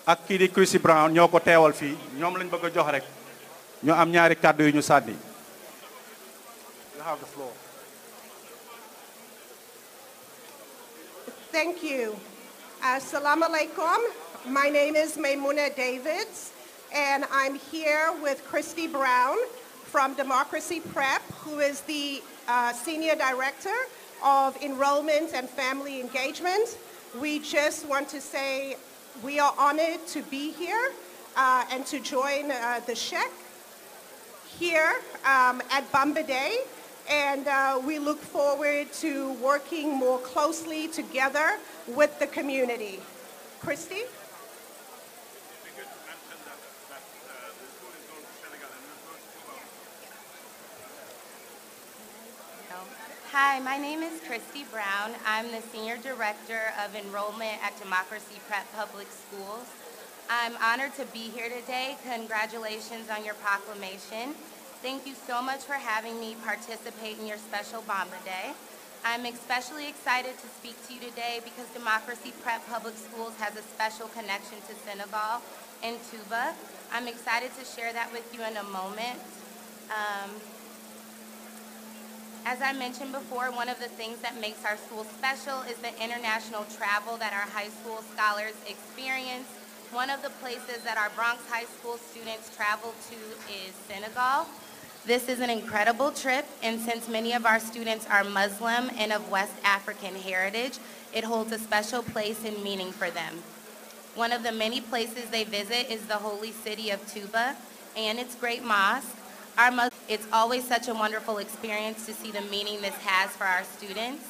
ak kii di Chrissy Brown ñoo ko teewal fii ñoom lañ bëgg a jox rek ñu am ñaari kàddu yu ñu sànni. My name is Maimuna Davids, and I'm here with Christy Brown from Democracy Prep, who is the uh, Senior Director of Enrollment and Family Engagement. We just want to say we are honored to be here uh, and to join uh, the Sheikh here um, at Bamba Day. And uh, we look forward to working more closely together with the community. Christy? Hi, my name is Christy Brown. I'm the Senior Director of Enrollment at Democracy Prep Public Schools. I'm honored to be here today. Congratulations on your proclamation. Thank you so much for having me participate in your special Bomba Day. I'm especially excited to speak to you today because Democracy Prep Public Schools has a special connection to Senegal and Tuba. I'm excited to share that with you in a moment. Um, As I mentioned before, one of the things that makes our school special is the international travel that our high school scholars experience. One of the places that our Bronx High School students travel to is Senegal. This is an incredible trip, and since many of our students are Muslim and of West African heritage, it holds a special place and meaning for them. One of the many places they visit is the holy city of Tuba and its great mosque. it's always such a wonderful experience to see the meaning this has for our students.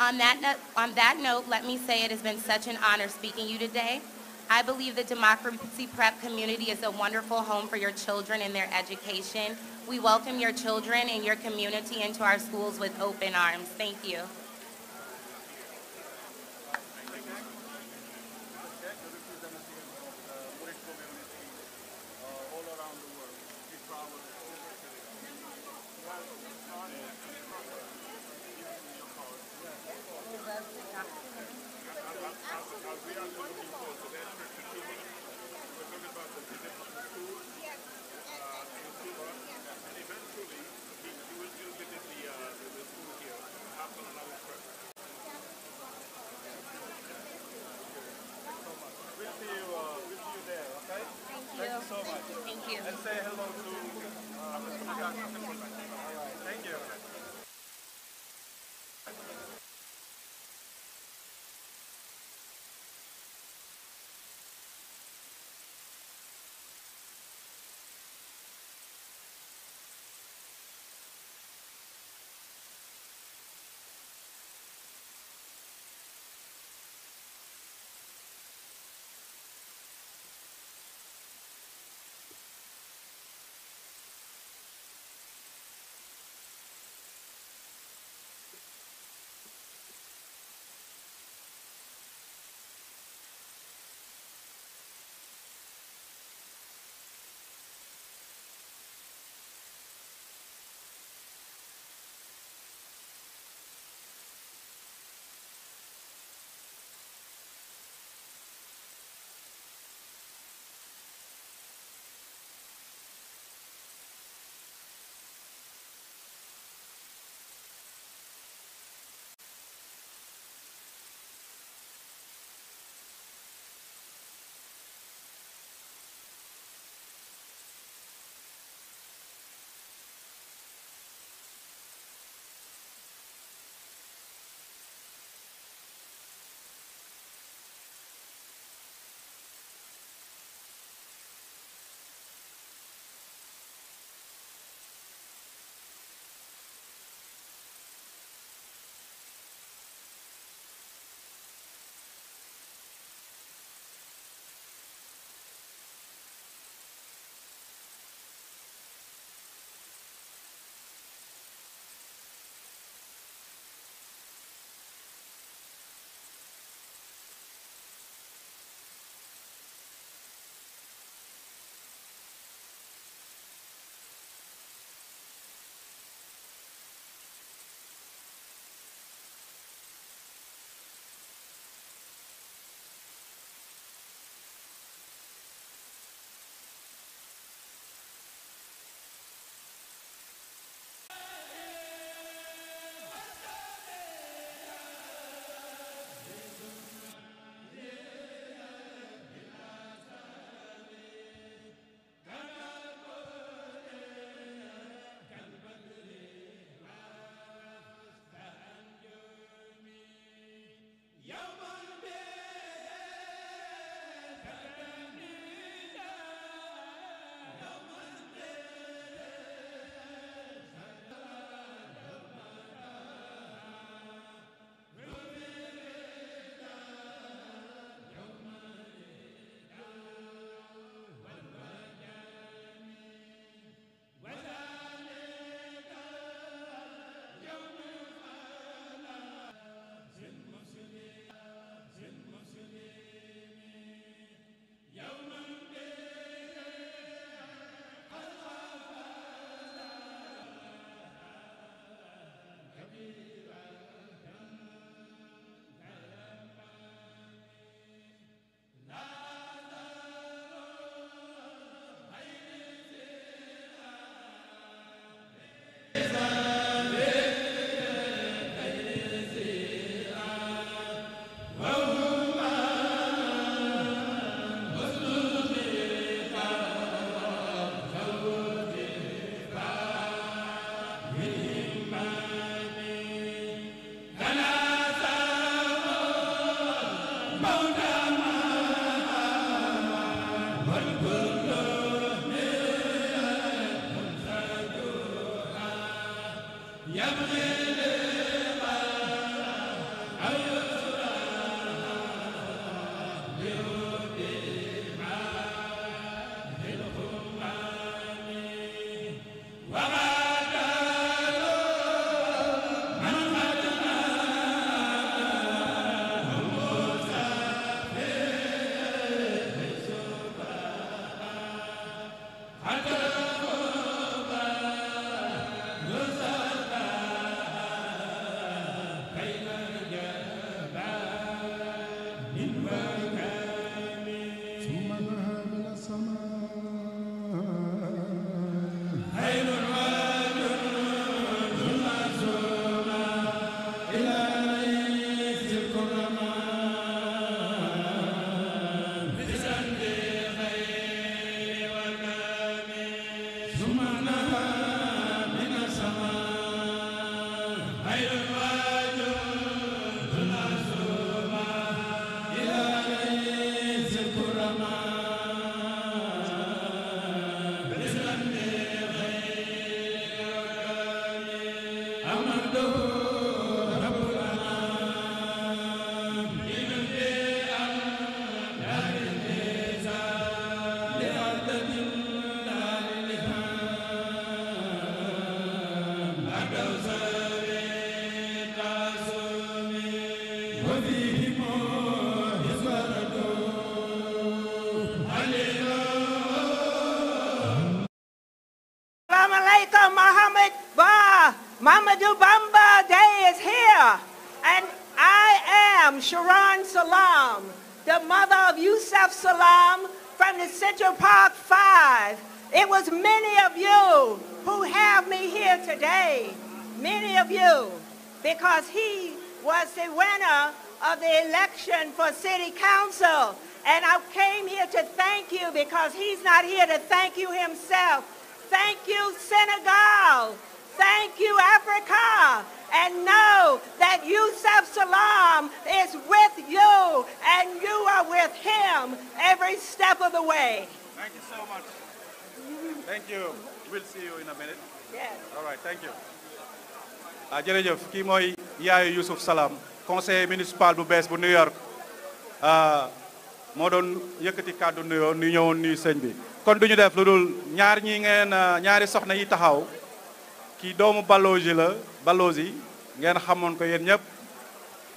On that, note, let me say it has been such an honor speaking you today. I believe the Democracy Prep community is a wonderful home for your children and their education. We welcome your children and your community into our schools with open arms. Thank you. because he's not here to thank you himself. Thank you, Senegal. Thank you, Africa. And know that Yusuf Salam is with you and you are with him every step of the way. Thank you so much. Thank you. We'll see you in a minute. Yes. All right, thank you. ah jërëjëf kii mooy yaayu Youssouf Salam conseiller municipal bu bees bu New York ah, moo doon yëkkati kàddu nuyoo ni ñëwoon nuyu sëñ bi kon du ñu def lu dul ñaar ñi ngeen ñaari soxna yi taxaw kii doomu Balloji la Balloji ngeen xamoon ko yéen ñëpp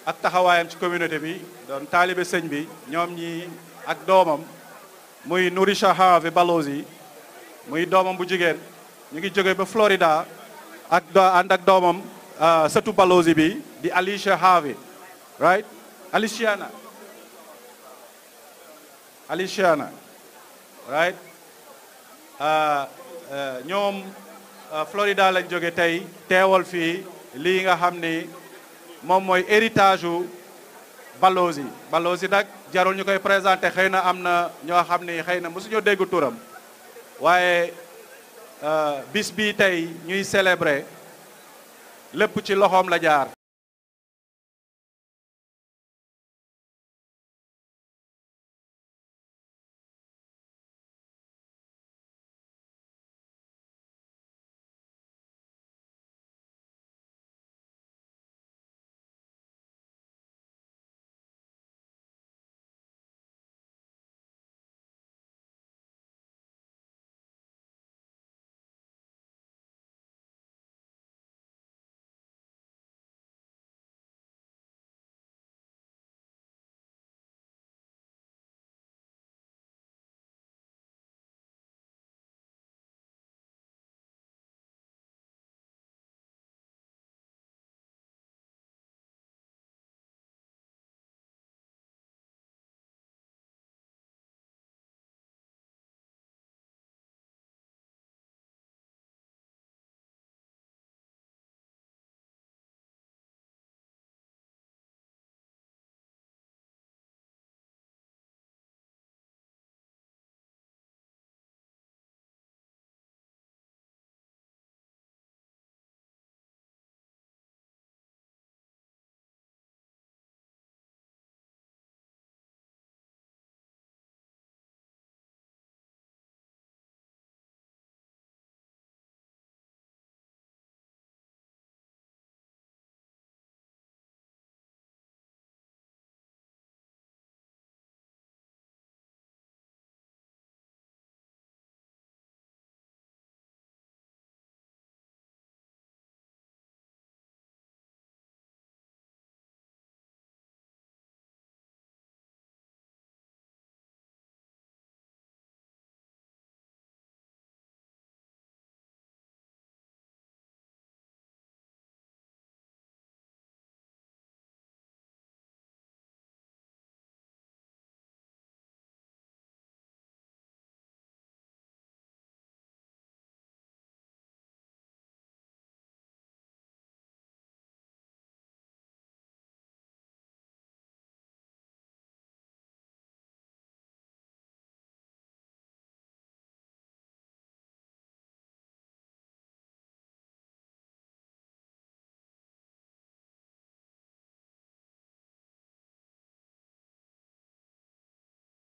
ak taxawaayam ci communauté bi doon taalibe sëñ bi ñoom ñi ak doomam muy Nourisha Haave Balloji muy doomam bu jigéen ñu ngi jóge ba Florida ak ànd ak doomam ah, sëtu Balloji bi di Alicia Haave right Aliciana Aliciana, right? Uh, uh, ñoom uh, Florida lañ jóge tey teewal fii lii nga xam ni moom mooy héritage u Ballozi yi Ballozi nag jarul ñu koy présenté xëy na am na ñoo xam ni xëy na mosuñu dégg turam waaye bis bii tey ñuy célébrer lépp ci loxoom la jaar